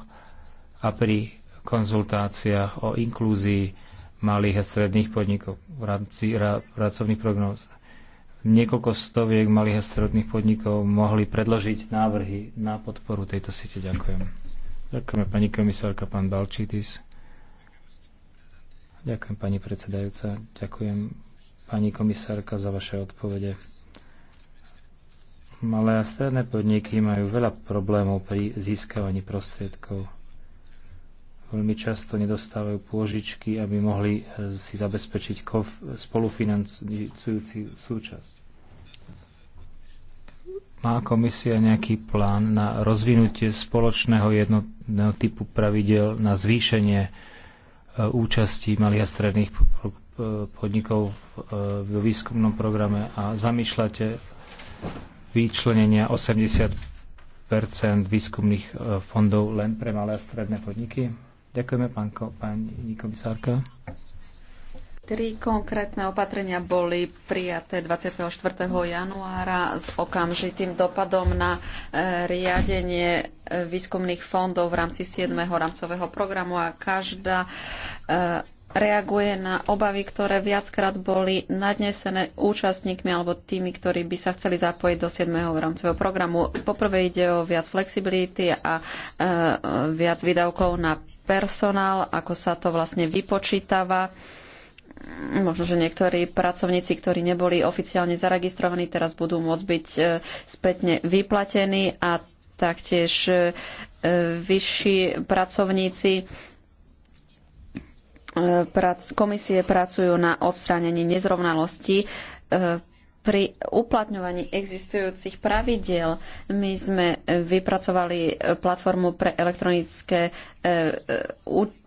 a pri konzultáciách o inklúzii malých a stredných podnikov v rámci pracovných prognóz. Niekoľko stoviek malých a stredných podnikov mohli predložiť návrhy na podporu tejto siete. Ďakujem. Ďakujem pani komisárka, pán Balčitis. Ďakujem pani predsedajúca. Ďakujem pani komisárka za vaše odpovede. Malé a stredné podniky majú veľa problémov pri získavaní prostriedkov veľmi často nedostávajú pôžičky, aby mohli e, si zabezpečiť spolufinancujúci súčasť. Má komisia nejaký plán na rozvinutie spoločného jednotného typu pravidel na zvýšenie e, účasti malých a stredných podnikov v e, výskumnom programe a zamýšľate vyčlenenia 80 výskumných fondov len pre malé a stredné podniky? Ďakujeme, pán, pani komisárka. Tri konkrétne opatrenia boli prijaté 24. januára s okamžitým dopadom na e, riadenie e, výskumných fondov v rámci 7. rámcového programu a každá e, reaguje na obavy, ktoré viackrát boli nadnesené účastníkmi alebo tými, ktorí by sa chceli zapojiť do 7. rámcového programu. Poprvé ide o viac flexibility a e, viac výdavkov na personál, ako sa to vlastne vypočítava. Možno, že niektorí pracovníci, ktorí neboli oficiálne zaregistrovaní, teraz budú môcť byť e, spätne vyplatení a taktiež e, vyšší pracovníci E, komisie pracujú na odstránení nezrovnalostí e, pri uplatňovaní existujúcich pravidiel my sme vypracovali platformu pre elektronické e,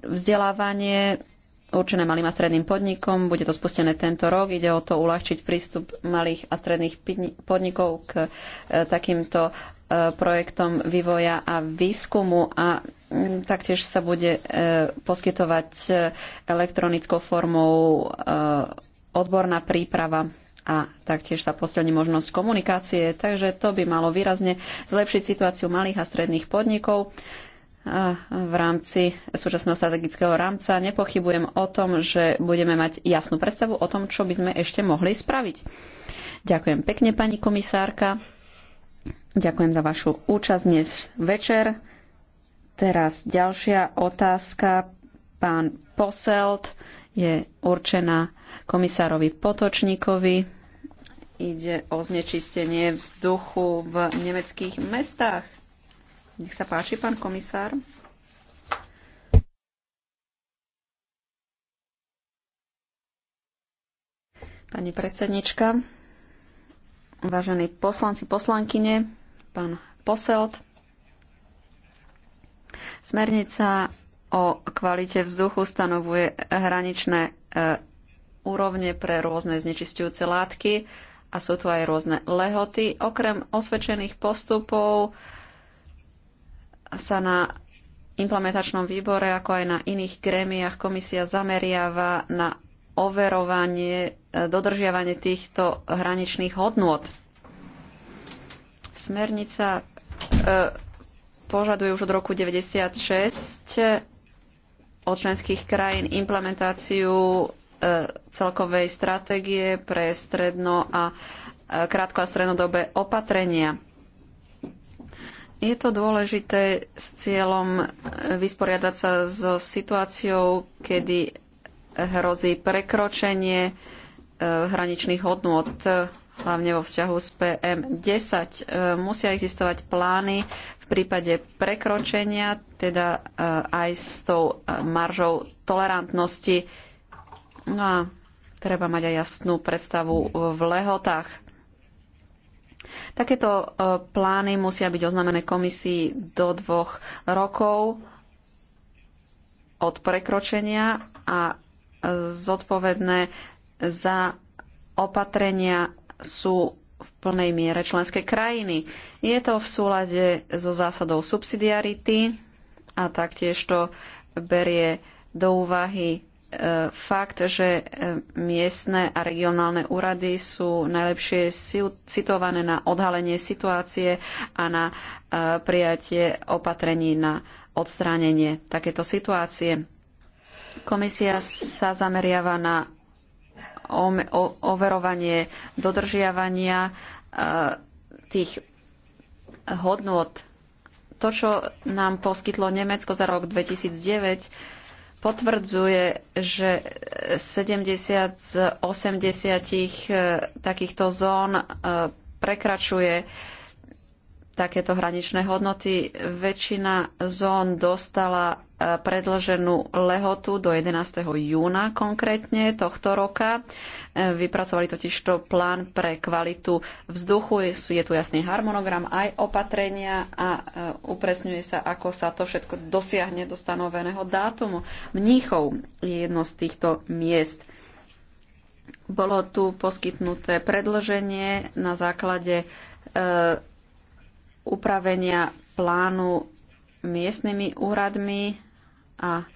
vzdelávanie určené malým a stredným podnikom. Bude to spustené tento rok. Ide o to uľahčiť prístup malých a stredných podnikov k takýmto projektom vývoja a výskumu a mm, taktiež sa bude e, poskytovať e, elektronickou formou e, odborná príprava a taktiež sa posilní možnosť komunikácie, takže to by malo výrazne zlepšiť situáciu malých a stredných podnikov. v rámci súčasného strategického rámca nepochybujem o tom, že budeme mať jasnú predstavu o tom, čo by sme ešte mohli spraviť. Ďakujem pekne, pani komisárka. Ďakujem za vašu účasť dnes večer. Teraz ďalšia otázka. Pán Poselt je určená komisárovi Potočníkovi. Ide o znečistenie vzduchu v nemeckých mestách. Nech sa páči, pán komisár. Pani predsednička, vážení poslanci, poslankyne, pán Poselt. Smernica o kvalite vzduchu stanovuje hraničné e, úrovne pre rôzne znečistujúce látky a sú tu aj rôzne lehoty. Okrem osvedčených postupov sa na implementačnom výbore, ako aj na iných grémiách komisia zameriava na overovanie, e, dodržiavanie týchto hraničných hodnôt. Smernica e, požaduje už od roku 96 od členských krajín implementáciu e, celkovej stratégie pre stredno a e, krátko a strednodobé opatrenia. Je to dôležité s cieľom vysporiadať sa so situáciou, kedy hrozí prekročenie hraničných hodnôt hlavne vo vzťahu s PM10. E, musia existovať plány v prípade prekročenia, teda e, aj s tou e, maržou tolerantnosti. No a treba mať aj jasnú predstavu v lehotách. Takéto plány musia byť oznamené komisii do dvoch rokov od prekročenia a zodpovedné za opatrenia sú v plnej miere členské krajiny. Je to v súlade so zásadou subsidiarity a taktiež to berie do úvahy e, fakt, že e, miestne a regionálne úrady sú najlepšie citované na odhalenie situácie a na e, prijatie opatrení na odstránenie takéto situácie. Komisia sa zameriava na overovanie dodržiavania e, tých hodnot. To, čo nám poskytlo Nemecko za rok 2009, potvrdzuje, že 70 z 80 e, takýchto zón e, prekračuje takéto hraničné hodnoty. Väčšina zón dostala e, predloženú lehotu do 11. júna konkrétne tohto roka. E, vypracovali totiž to plán pre kvalitu vzduchu. Je tu jasný harmonogram aj opatrenia a e, upresňuje sa, ako sa to všetko dosiahne do stanoveného dátumu. Mníchov je jedno z týchto miest. Bolo tu poskytnuté predloženie na základe upravenia plánu miestnymi úradmi a e,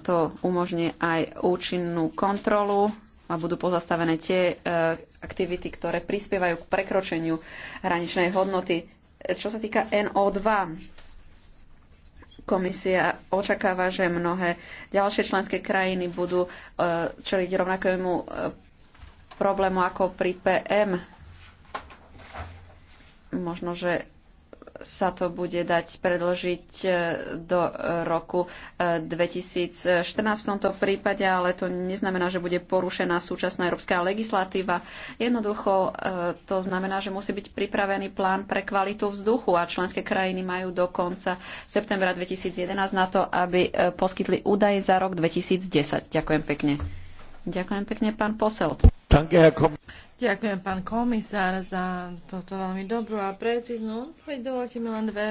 to umožní aj účinnú kontrolu a budú pozastavené tie e, aktivity, ktoré prispievajú k prekročeniu hraničnej hodnoty. Čo sa týka NO2, komisia očakáva, že mnohé ďalšie členské krajiny budú e, čeliť rovnakému problému ako pri PM možno, že sa to bude dať predlžiť e, do e, roku 2014 e, v tomto prípade, ale to neznamená, že bude porušená súčasná európska legislatíva. Jednoducho to znamená, že musí byť pripravený plán pre kvalitu vzduchu a členské krajiny majú do konca septembra 2011 na to, aby poskytli údaje za rok 2010. Ďakujem pekne. Ďakujem pekne, pán posel. Ďakujem, pán komisár, za toto veľmi dobrú a precíznu odpoveď. Dovolte mi len dve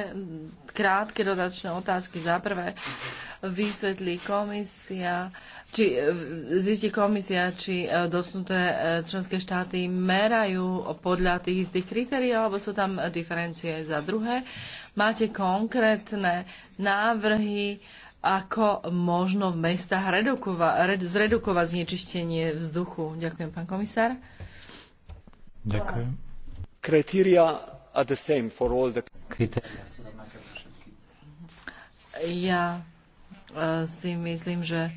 krátke dodačné otázky. Za prvé, vysvetlí komisia, či zistí komisia, či e, dotknuté e, členské štáty merajú podľa tých istých kritérií, alebo sú tam diferencie. Za druhé, máte konkrétne návrhy, ako možno v mestách zredukovať znečistenie vzduchu. Ďakujem, pán komisár. Ďakujem. Kritéria are the same for all the... sú rovnaké pre Ja e, si myslím, že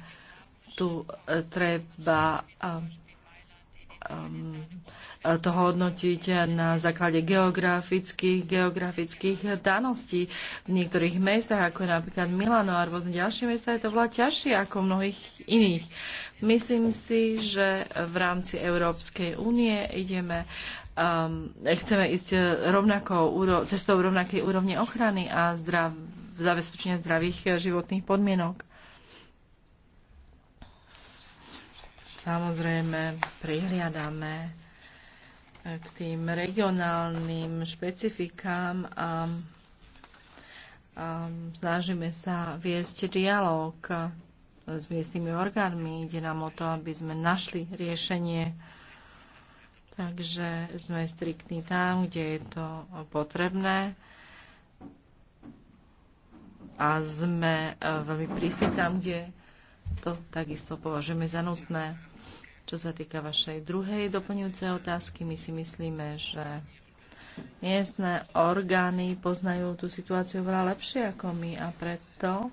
tu e, treba e, to hodnotiť na základe geografických, geografických daností. V niektorých mestách, ako je napríklad Milano a rôzne ďalšie mesta, je to veľa ťažšie ako v mnohých iných. Myslím si, že v rámci Európskej únie ideme um, chceme ísť eh, rovnakou, cestou rovnakej úrovne ochrany a zdrav, zabezpečenia zdravých eh, životných podmienok. Samozrejme, prihliadame eh, k tým regionálnym špecifikám a, a snažíme sa viesť dialog s miestnymi orgánmi. Ide nám o to, aby sme našli riešenie. Takže sme striktní tam, kde je to potrebné. A sme e, veľmi prísni tam, kde to takisto považujeme za nutné. Čo sa týka vašej druhej doplňujúcej otázky, my si myslíme, že miestne orgány poznajú tú situáciu veľa lepšie ako my a preto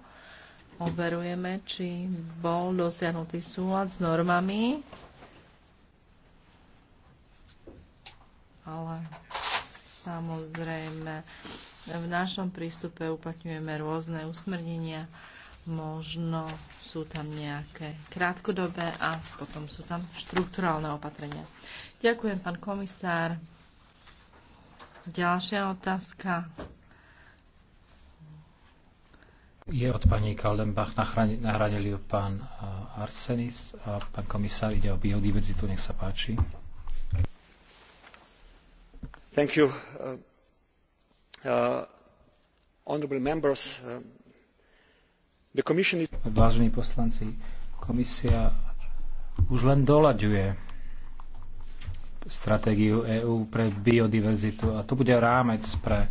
overujeme, či bol dosiahnutý súlad s normami. Ale samozrejme v našom prístupe uplatňujeme rôzne usmrnenia. Možno sú tam nejaké krátkodobé a potom sú tam štruktúrálne opatrenia. Ďakujem, pán komisár. Ďalšia otázka je od pani Kaldenbach, nahradili ju pán eh, Arsenis a pán komisár ide o biodiverzitu, nech sa páči. Thank you. Uh, uh honorable members, uh, the commission is... Vážení poslanci, komisia už len dolaďuje stratégiu EÚ pre biodiverzitu a to bude rámec pre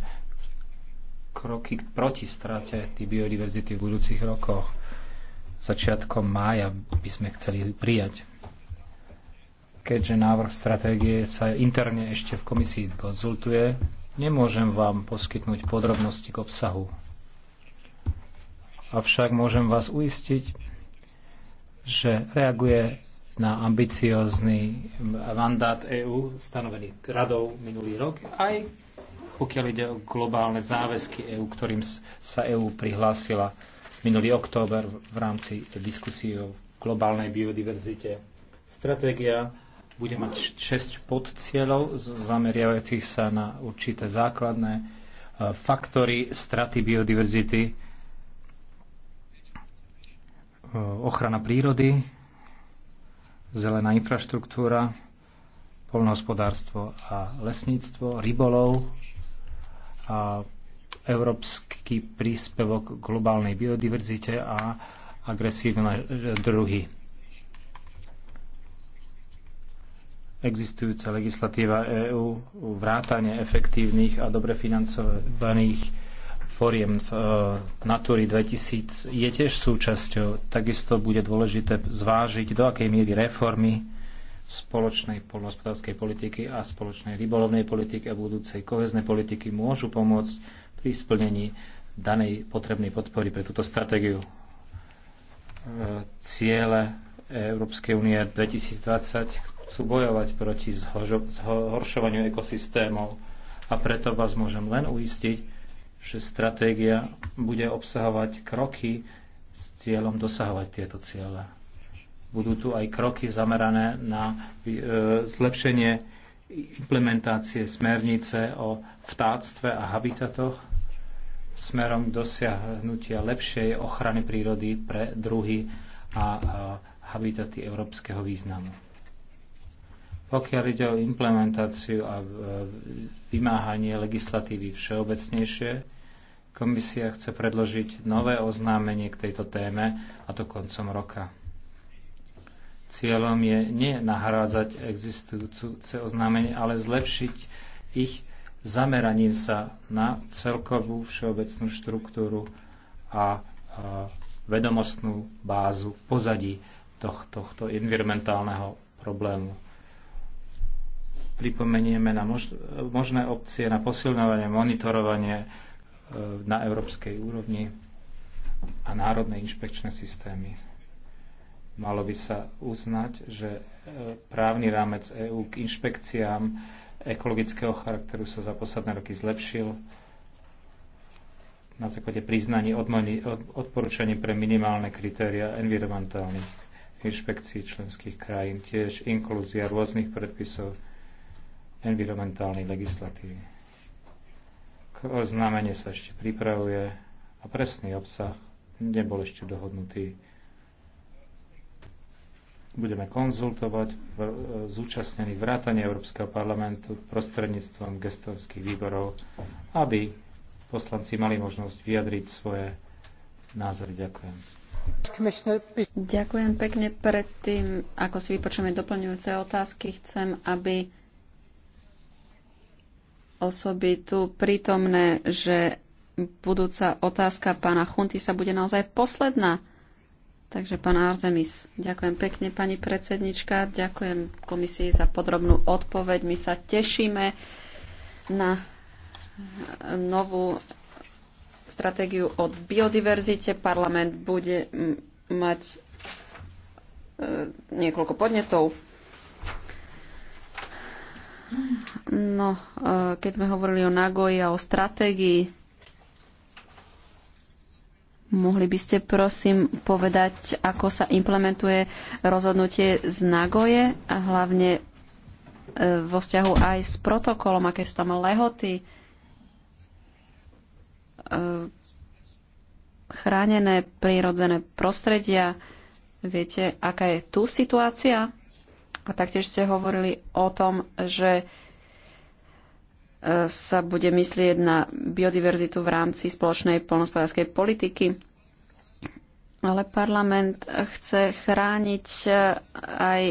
kroky proti strate tej biodiverzity v budúcich rokoch. Začiatkom mája by sme chceli prijať. Keďže návrh stratégie sa interne ešte v komisii konzultuje, nemôžem vám poskytnúť podrobnosti k obsahu. Avšak môžem vás uistiť, že reaguje na ambiciózny mandát EÚ stanovený radou minulý rok aj pokiaľ ide o globálne záväzky EÚ, ktorým sa EÚ prihlásila minulý október v rámci diskusí o globálnej biodiverzite. Stratégia bude mať 6 podcieľov zameriavajúcich sa na určité základné e, faktory straty biodiverzity, e, ochrana prírody, zelená infraštruktúra, polnohospodárstvo a lesníctvo, rybolov a európsky príspevok k globálnej biodiverzite a agresívne druhy. Existujúca legislatíva EÚ vrátanie efektívnych a dobre financovaných fóriem v e, Natúry 2000 je tiež súčasťou. Takisto bude dôležité zvážiť, do akej miery reformy spoločnej poľnohospodárskej politiky a spoločnej rybolovnej politiky a budúcej koheznej politiky môžu pomôcť pri splnení danej potrebnej podpory pre túto stratégiu. E, ciele Európskej únie 2020 chcú bojovať proti zhoršovaniu ekosystémov a preto vás môžem len uistiť, že stratégia bude obsahovať kroky s cieľom dosahovať tieto ciele. Budú tu aj kroky zamerané na e, zlepšenie implementácie smernice o vtáctve a habitatoch smerom k dosiahnutia lepšej ochrany prírody pre druhy a habitaty európskeho významu. Pokiaľ ide o implementáciu a e, vymáhanie legislatívy všeobecnejšie, komisia chce predložiť nové oznámenie k tejto téme, a to koncom roka. Cieľom je nie nahrádzať existujúce oznámenie, ale zlepšiť ich zameraním sa na celkovú všeobecnú štruktúru a, vedomostnú bázu v pozadí tohto, environmentálneho problému. Pripomenieme na možné opcie na posilňovanie, monitorovanie e, na európskej úrovni a národné inšpekčné systémy. Malo by sa uznať, že e, právny rámec EÚ k inšpekciám ekologického charakteru sa za posledné roky zlepšil na základe priznaní odporúčaní pre minimálne kritéria environmentálnych inšpekcií členských krajín, tiež inklúzia rôznych predpisov environmentálnej legislatívy. oznámenie sa ešte pripravuje a presný obsah nebol ešte dohodnutý budeme konzultovať v, e, zúčastnených vrátane Európskeho parlamentu prostredníctvom gestorských výborov, aby poslanci mali možnosť vyjadriť svoje názory. Ďakujem. Ďakujem pekne. Predtým, ako si vypočujeme doplňujúce otázky, chcem, aby osoby tu prítomné, že budúca otázka pána Chunty sa bude naozaj posledná. Takže pán Arzemis, ďakujem pekne pani predsednička, ďakujem komisii za podrobnú odpoveď. My sa tešíme na novú stratégiu o biodiverzite. Parlament bude mať e, niekoľko podnetov. No, e, keď sme hovorili o Nagoji a o stratégii Mohli by ste prosím povedať, ako sa implementuje rozhodnutie z Nagoje a hlavne e, vo vzťahu aj s protokolom, aké sú tam lehoty, e, chránené prírodzené prostredia. Viete, aká je tu situácia? A taktiež ste hovorili o tom, že sa bude myslieť na biodiverzitu v rámci spoločnej polnospodárskej politiky. Ale parlament chce chrániť aj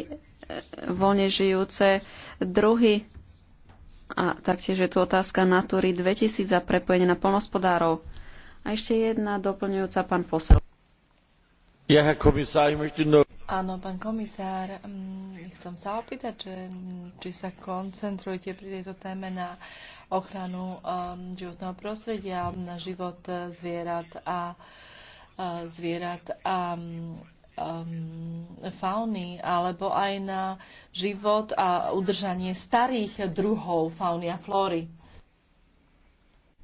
voľne žijúce druhy. A taktiež je tu otázka Natúry 2000 a prepojenie na polnospodárov. A ešte jedna doplňujúca pán posel. Ja, Herr Kommissar, ich möchte nur Áno, pán komisár, mm, chcem sa opýtať, že, či sa koncentrujete pri tejto téme na ochranu um, životného prostredia, na život e, zvierat a uh, zvierat a mm, um, fauny, alebo aj na život a udržanie starých druhov fauny a flóry.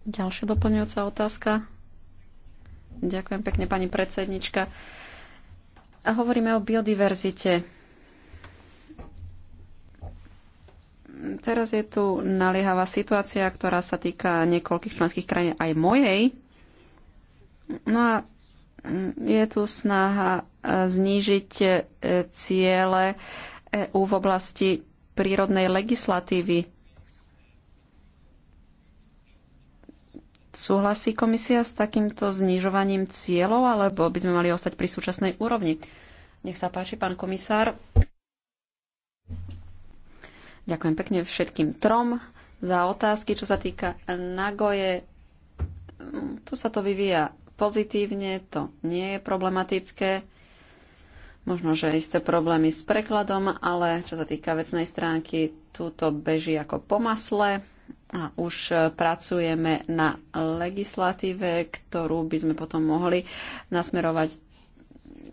Ďalšia doplňujúca otázka. Ďakujem pekne, pani predsednička. Uh, a hovoríme o biodiverzite. Teraz je tu naliehavá situácia, ktorá sa týka niekoľkých členských krajín, aj mojej. No a je tu snaha e, znížiť e, ciele EU v oblasti prírodnej legislatívy. Súhlasí komisia s takýmto znižovaním cieľov, alebo by sme mali ostať pri súčasnej úrovni? Nech sa páči, pán komisár. Ďakujem pekne všetkým trom za otázky, čo sa týka Nagoje. Tu sa to vyvíja pozitívne, to nie je problematické. Možno, že isté problémy s prekladom, ale čo sa týka vecnej stránky, túto beží ako po masle. A už e, pracujeme na legislatíve, ktorú by sme potom mohli nasmerovať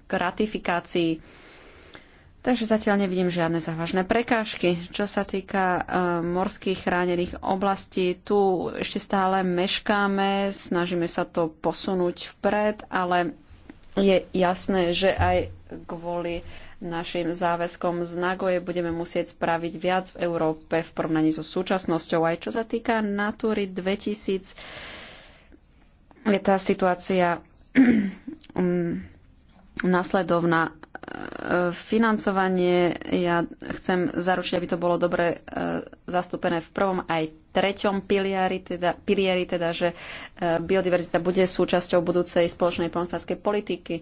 k ratifikácii. Takže zatiaľ nevidím žiadne závažné prekážky. Čo sa týka e, morských chránených oblastí, tu ešte stále meškáme, snažíme sa to posunúť vpred, ale je jasné, že aj kvôli našim záväzkom z Nagoje budeme musieť spraviť viac v Európe v porovnaní so súčasnosťou. Aj čo sa týka Natúry 2000, je tá situácia mm, nasledovná. E, financovanie, ja chcem zaručiť, aby to bolo dobre e, zastúpené v prvom aj treťom pilieri, teda, pilieri, teda že e, biodiverzita bude súčasťou budúcej spoločnej poľnohospodárskej politiky.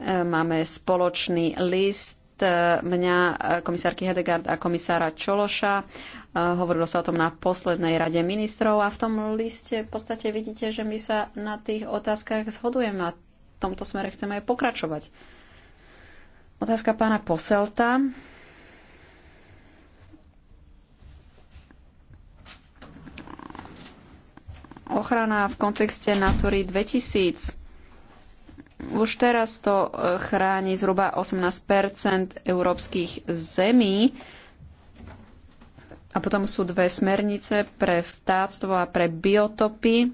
Máme spoločný list E, mňa, e, komisárky Hedegard a komisára Čološa. E, hovorilo sa o tom na poslednej rade ministrov a v tom liste v podstate vidíte, že my sa na tých otázkach zhodujeme a v tomto smere chceme aj pokračovať. Otázka pána Poselta. Ochrana v kontexte Natury 2000 už teraz to e, chráni zhruba 18 európskych zemí. A potom sú dve smernice pre vtáctvo a pre biotopy.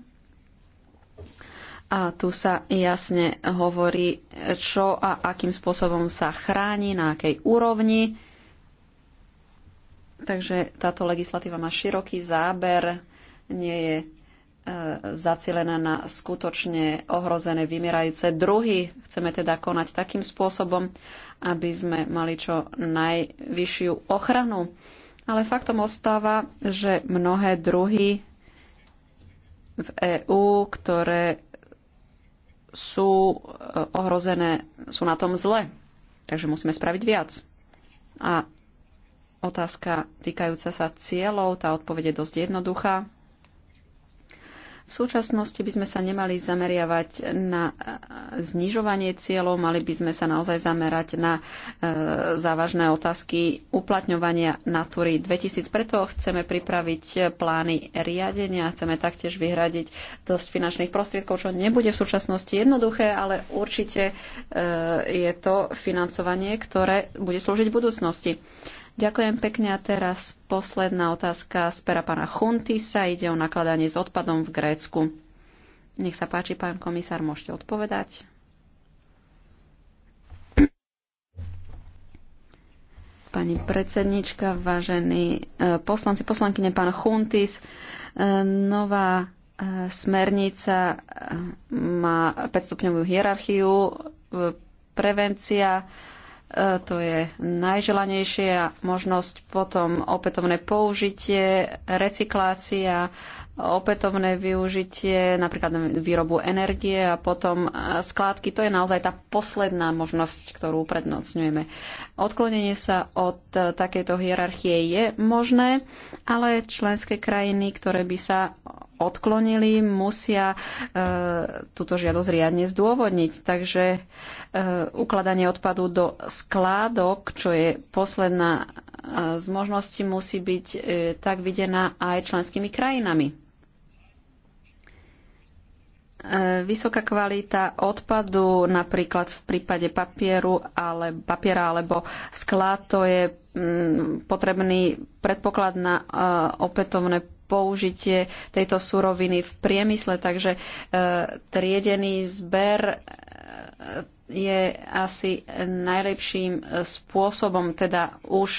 A tu sa jasne hovorí, čo a akým spôsobom sa chráni, na akej úrovni. Takže táto legislatíva má široký záber, nie je zacielená na skutočne ohrozené, vymierajúce druhy. Chceme teda konať takým spôsobom, aby sme mali čo najvyššiu ochranu. Ale faktom ostáva, že mnohé druhy v EÚ, ktoré sú eh, ohrozené, sú na tom zle. Takže musíme spraviť viac. A otázka týkajúca sa cieľov, tá odpoveď je dosť jednoduchá v súčasnosti by sme sa nemali zameriavať na e, znižovanie cieľov, mali by sme sa naozaj zamerať na e, závažné otázky uplatňovania Natúry 2000. Preto chceme pripraviť plány riadenia, chceme taktiež vyhradiť dosť finančných prostriedkov, čo nebude v súčasnosti jednoduché, ale určite e, je to financovanie, ktoré bude slúžiť v budúcnosti. Ďakujem pekne a teraz posledná otázka z pera pána Chuntisa. Ide o nakladanie s odpadom v Grécku. Nech sa páči, pán komisár, môžete odpovedať. pani predsednička, vážení e, poslanci, poslankyne, pán Chuntis. E, nová e, smernica má 5-stupňovú hierarchiu, prevencia, E, to je najželanejšia možnosť potom opätovné použitie, recyklácia, opätovné využitie, napríklad výrobu energie a potom e, skládky. To je naozaj tá posledná možnosť, ktorú prednocňujeme. Odklonenie sa od e, takejto hierarchie je možné, ale členské krajiny, ktoré by sa odklonili, musia e, túto žiadosť riadne zdôvodniť. Takže e, ukladanie odpadu do skládok, čo je posledná e, z možností, musí byť e, tak videná aj členskými krajinami. E, vysoká kvalita odpadu napríklad v prípade papieru ale, papiera alebo skla to je mm, potrebný predpoklad na e, opätovné použitie tejto suroviny v priemysle, takže e, triedený zber e, je asi najlepším e, spôsobom, teda už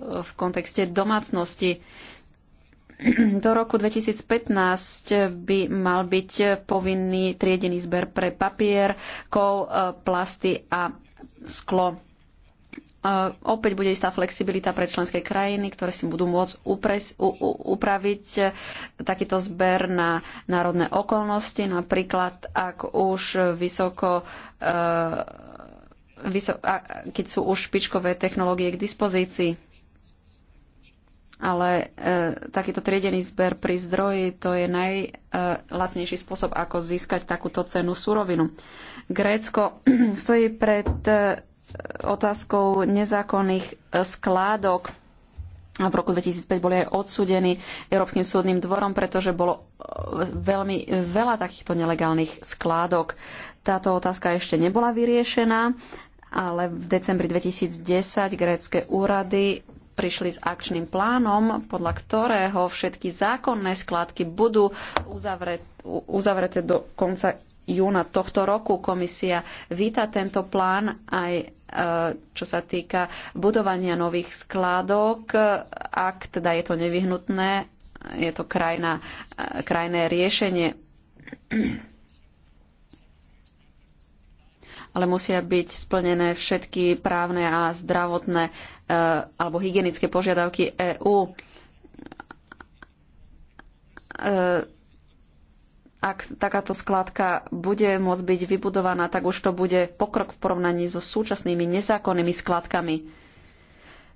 v kontexte domácnosti. Do roku 2015 by mal byť povinný triedený zber pre papier, kov, plasty a sklo opäť bude istá flexibilita pre členské krajiny, ktoré si budú môcť upres, u, u, upraviť e, takýto zber na národné okolnosti. Napríklad, ak už vysoko, e, a, keď sú už špičkové technológie k dispozícii. Ale e, takýto triedený zber pri zdroji to je najlacnejší e, spôsob, ako získať takúto cenu surovinu. Grécko stojí pred otázkou nezákonných e, skládok. A v roku 2005 boli aj odsúdení Európskym súdnym dvorom, pretože bolo e, veľmi veľa takýchto nelegálnych skládok. Táto otázka ešte nebola vyriešená, ale v decembri 2010 grécké úrady prišli s akčným plánom, podľa ktorého všetky zákonné skládky budú uzavreté, uzavreté do konca júna tohto roku. Komisia víta tento plán aj e, čo sa týka budovania nových skládok. Ak teda je to nevyhnutné, je to krajná, e, krajné riešenie. Ale musia byť splnené všetky právne a zdravotné e, alebo hygienické požiadavky EÚ ak takáto skládka bude môcť byť vybudovaná, tak už to bude pokrok v porovnaní so súčasnými nezákonnými skládkami.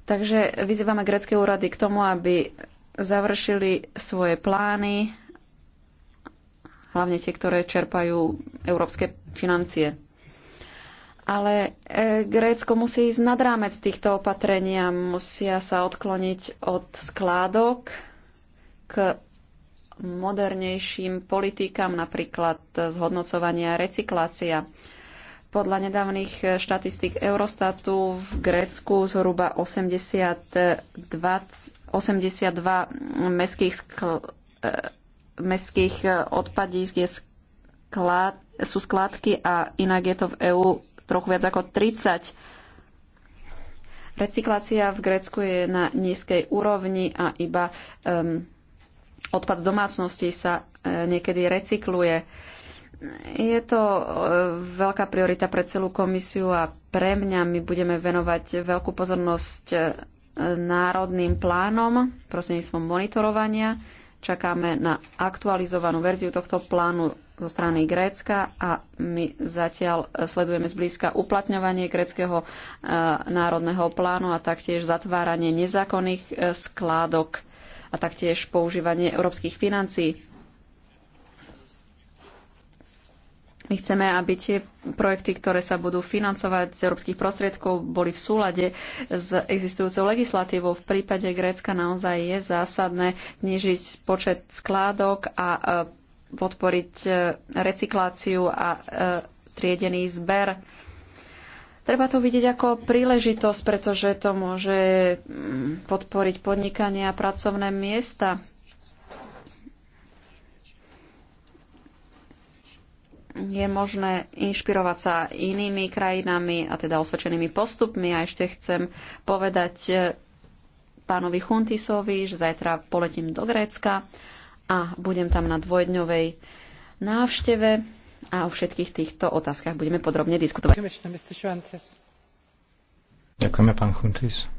Takže vyzývame grecké úrady k tomu, aby završili svoje plány, hlavne tie, ktoré čerpajú európske financie. Ale e, Grécko musí ísť nad rámec týchto opatrenia, musia sa odkloniť od skládok k modernejším politikám, napríklad zhodnocovania recyklácia. Podľa nedávnych štatistík Eurostatu v Grécku zhruba 82, 82 mestských, skl, e, mestských e, odpadísk je sklad, sú skladky a inak je to v EÚ trochu viac ako 30. Recyklácia v Grécku je na nízkej úrovni a iba um, odpad z domácnosti sa e, niekedy recykluje. Je to e, veľká priorita pre celú komisiu a pre mňa my budeme venovať veľkú pozornosť e, národným plánom prostredníctvom monitorovania. Čakáme na aktualizovanú verziu tohto plánu zo strany Grécka a my zatiaľ sledujeme zblízka uplatňovanie gréckého národného plánu a taktiež zatváranie nezákonných skládok a taktiež používanie európskych financií. My chceme, aby tie projekty, ktoré sa budú financovať z európskych prostriedkov, boli v súlade s existujúcou legislatívou. V prípade Grécka naozaj je zásadné znižiť počet skládok a e, podporiť e, recykláciu a e, triedený zber Treba to vidieť ako príležitosť, pretože to môže mm, podporiť podnikanie a pracovné miesta. Je možné inšpirovať sa inými krajinami a teda osvedčenými postupmi. A ešte chcem povedať e, pánovi Chuntisovi, že zajtra poletím do Grécka a budem tam na dvojdňovej návšteve a o všetkých týchto otázkach budeme podrobne diskutovať. Ďakujeme, pán Chuntis.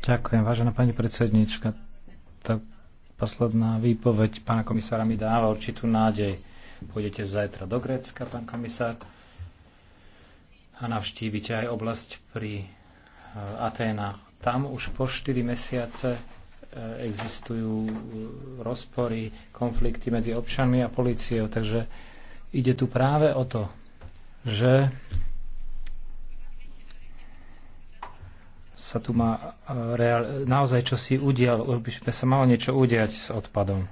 Ďakujem, vážená pani predsednička. Tá posledná výpoveď pána komisára mi dáva určitú nádej. Pôjdete zajtra do Grécka, pán komisár, a navštívite aj oblasť pri eh, Aténach. Tam už po 4 mesiace E, existujú e, rozpory, konflikty medzi občanmi a policiou. Takže ide tu práve o to, že sa tu má e, reál, naozaj si udial, by sa malo niečo udiať s odpadom.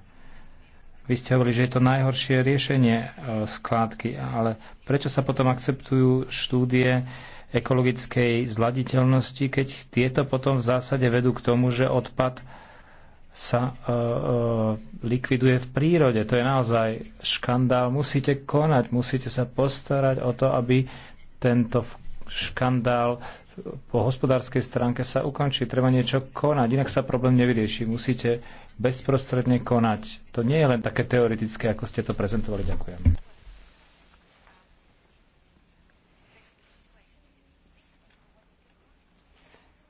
Vy ste hovorili, že je to najhoršie riešenie skládky, ale prečo sa potom akceptujú štúdie ekologickej zladiteľnosti, keď tieto potom v zásade vedú k tomu, že odpad sa uh, uh, likviduje v prírode. To je naozaj škandál. Musíte konať, musíte sa postarať o to, aby tento škandál po hospodárskej stránke sa ukončí. Treba niečo konať, inak sa problém nevyrieši. Musíte bezprostredne konať. To nie je len také teoretické, ako ste to prezentovali. Ďakujem.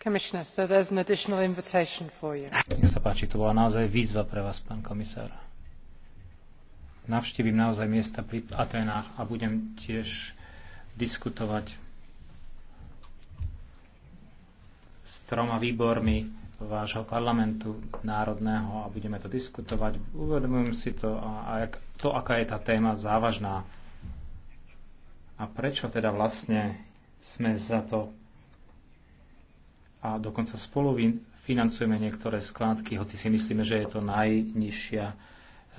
Nech sa páči, to bola naozaj výzva pre vás, pán komisár. Navštívim naozaj miesta pri Atenách a budem tiež diskutovať s troma výbormi vášho parlamentu národného a budeme to diskutovať. Uvedomujem si to a, a jak, to, aká je tá téma závažná a prečo teda vlastne sme za to a dokonca spolu financujeme niektoré skládky, hoci si myslíme, že je to najnižšia, eh,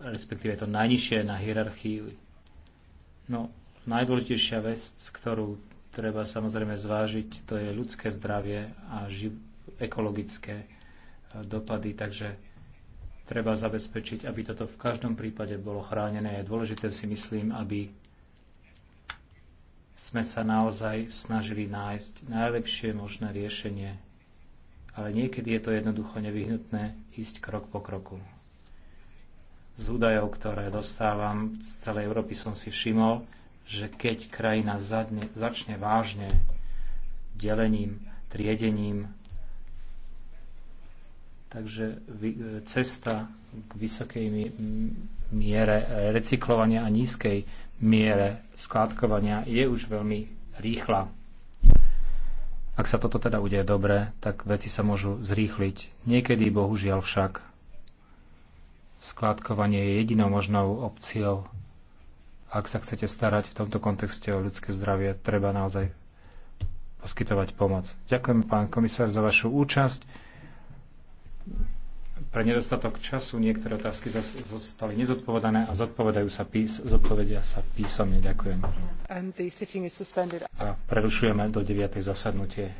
respektíve je to najnižšie na hierarchii. No, najdôležitejšia vec, ktorú treba samozrejme zvážiť, to je ľudské zdravie a živ- ekologické eh, dopady, takže treba zabezpečiť, aby toto v každom prípade bolo chránené. Je dôležité si myslím, aby sme sa naozaj snažili nájsť najlepšie možné riešenie, ale niekedy je to jednoducho nevyhnutné ísť krok po kroku. Z údajov, ktoré dostávam z celej Európy, som si všimol, že keď krajina zadne, začne vážne delením, triedením, takže cesta k vysokej miere recyklovania a nízkej miere skládkovania je už veľmi rýchla. Ak sa toto teda udeje dobre, tak veci sa môžu zrýchliť. Niekedy, bohužiaľ však, skládkovanie je jedinou možnou opciou. Ak sa chcete starať v tomto kontexte o ľudské zdravie, treba naozaj poskytovať pomoc. Ďakujem, pán komisár, za vašu účasť pre nedostatok času niektoré otázky zostali nezodpovedané a zodpovedajú sa pís, zodpovedia sa písomne. Ďakujem. A prerušujeme do 9. zasadnutie.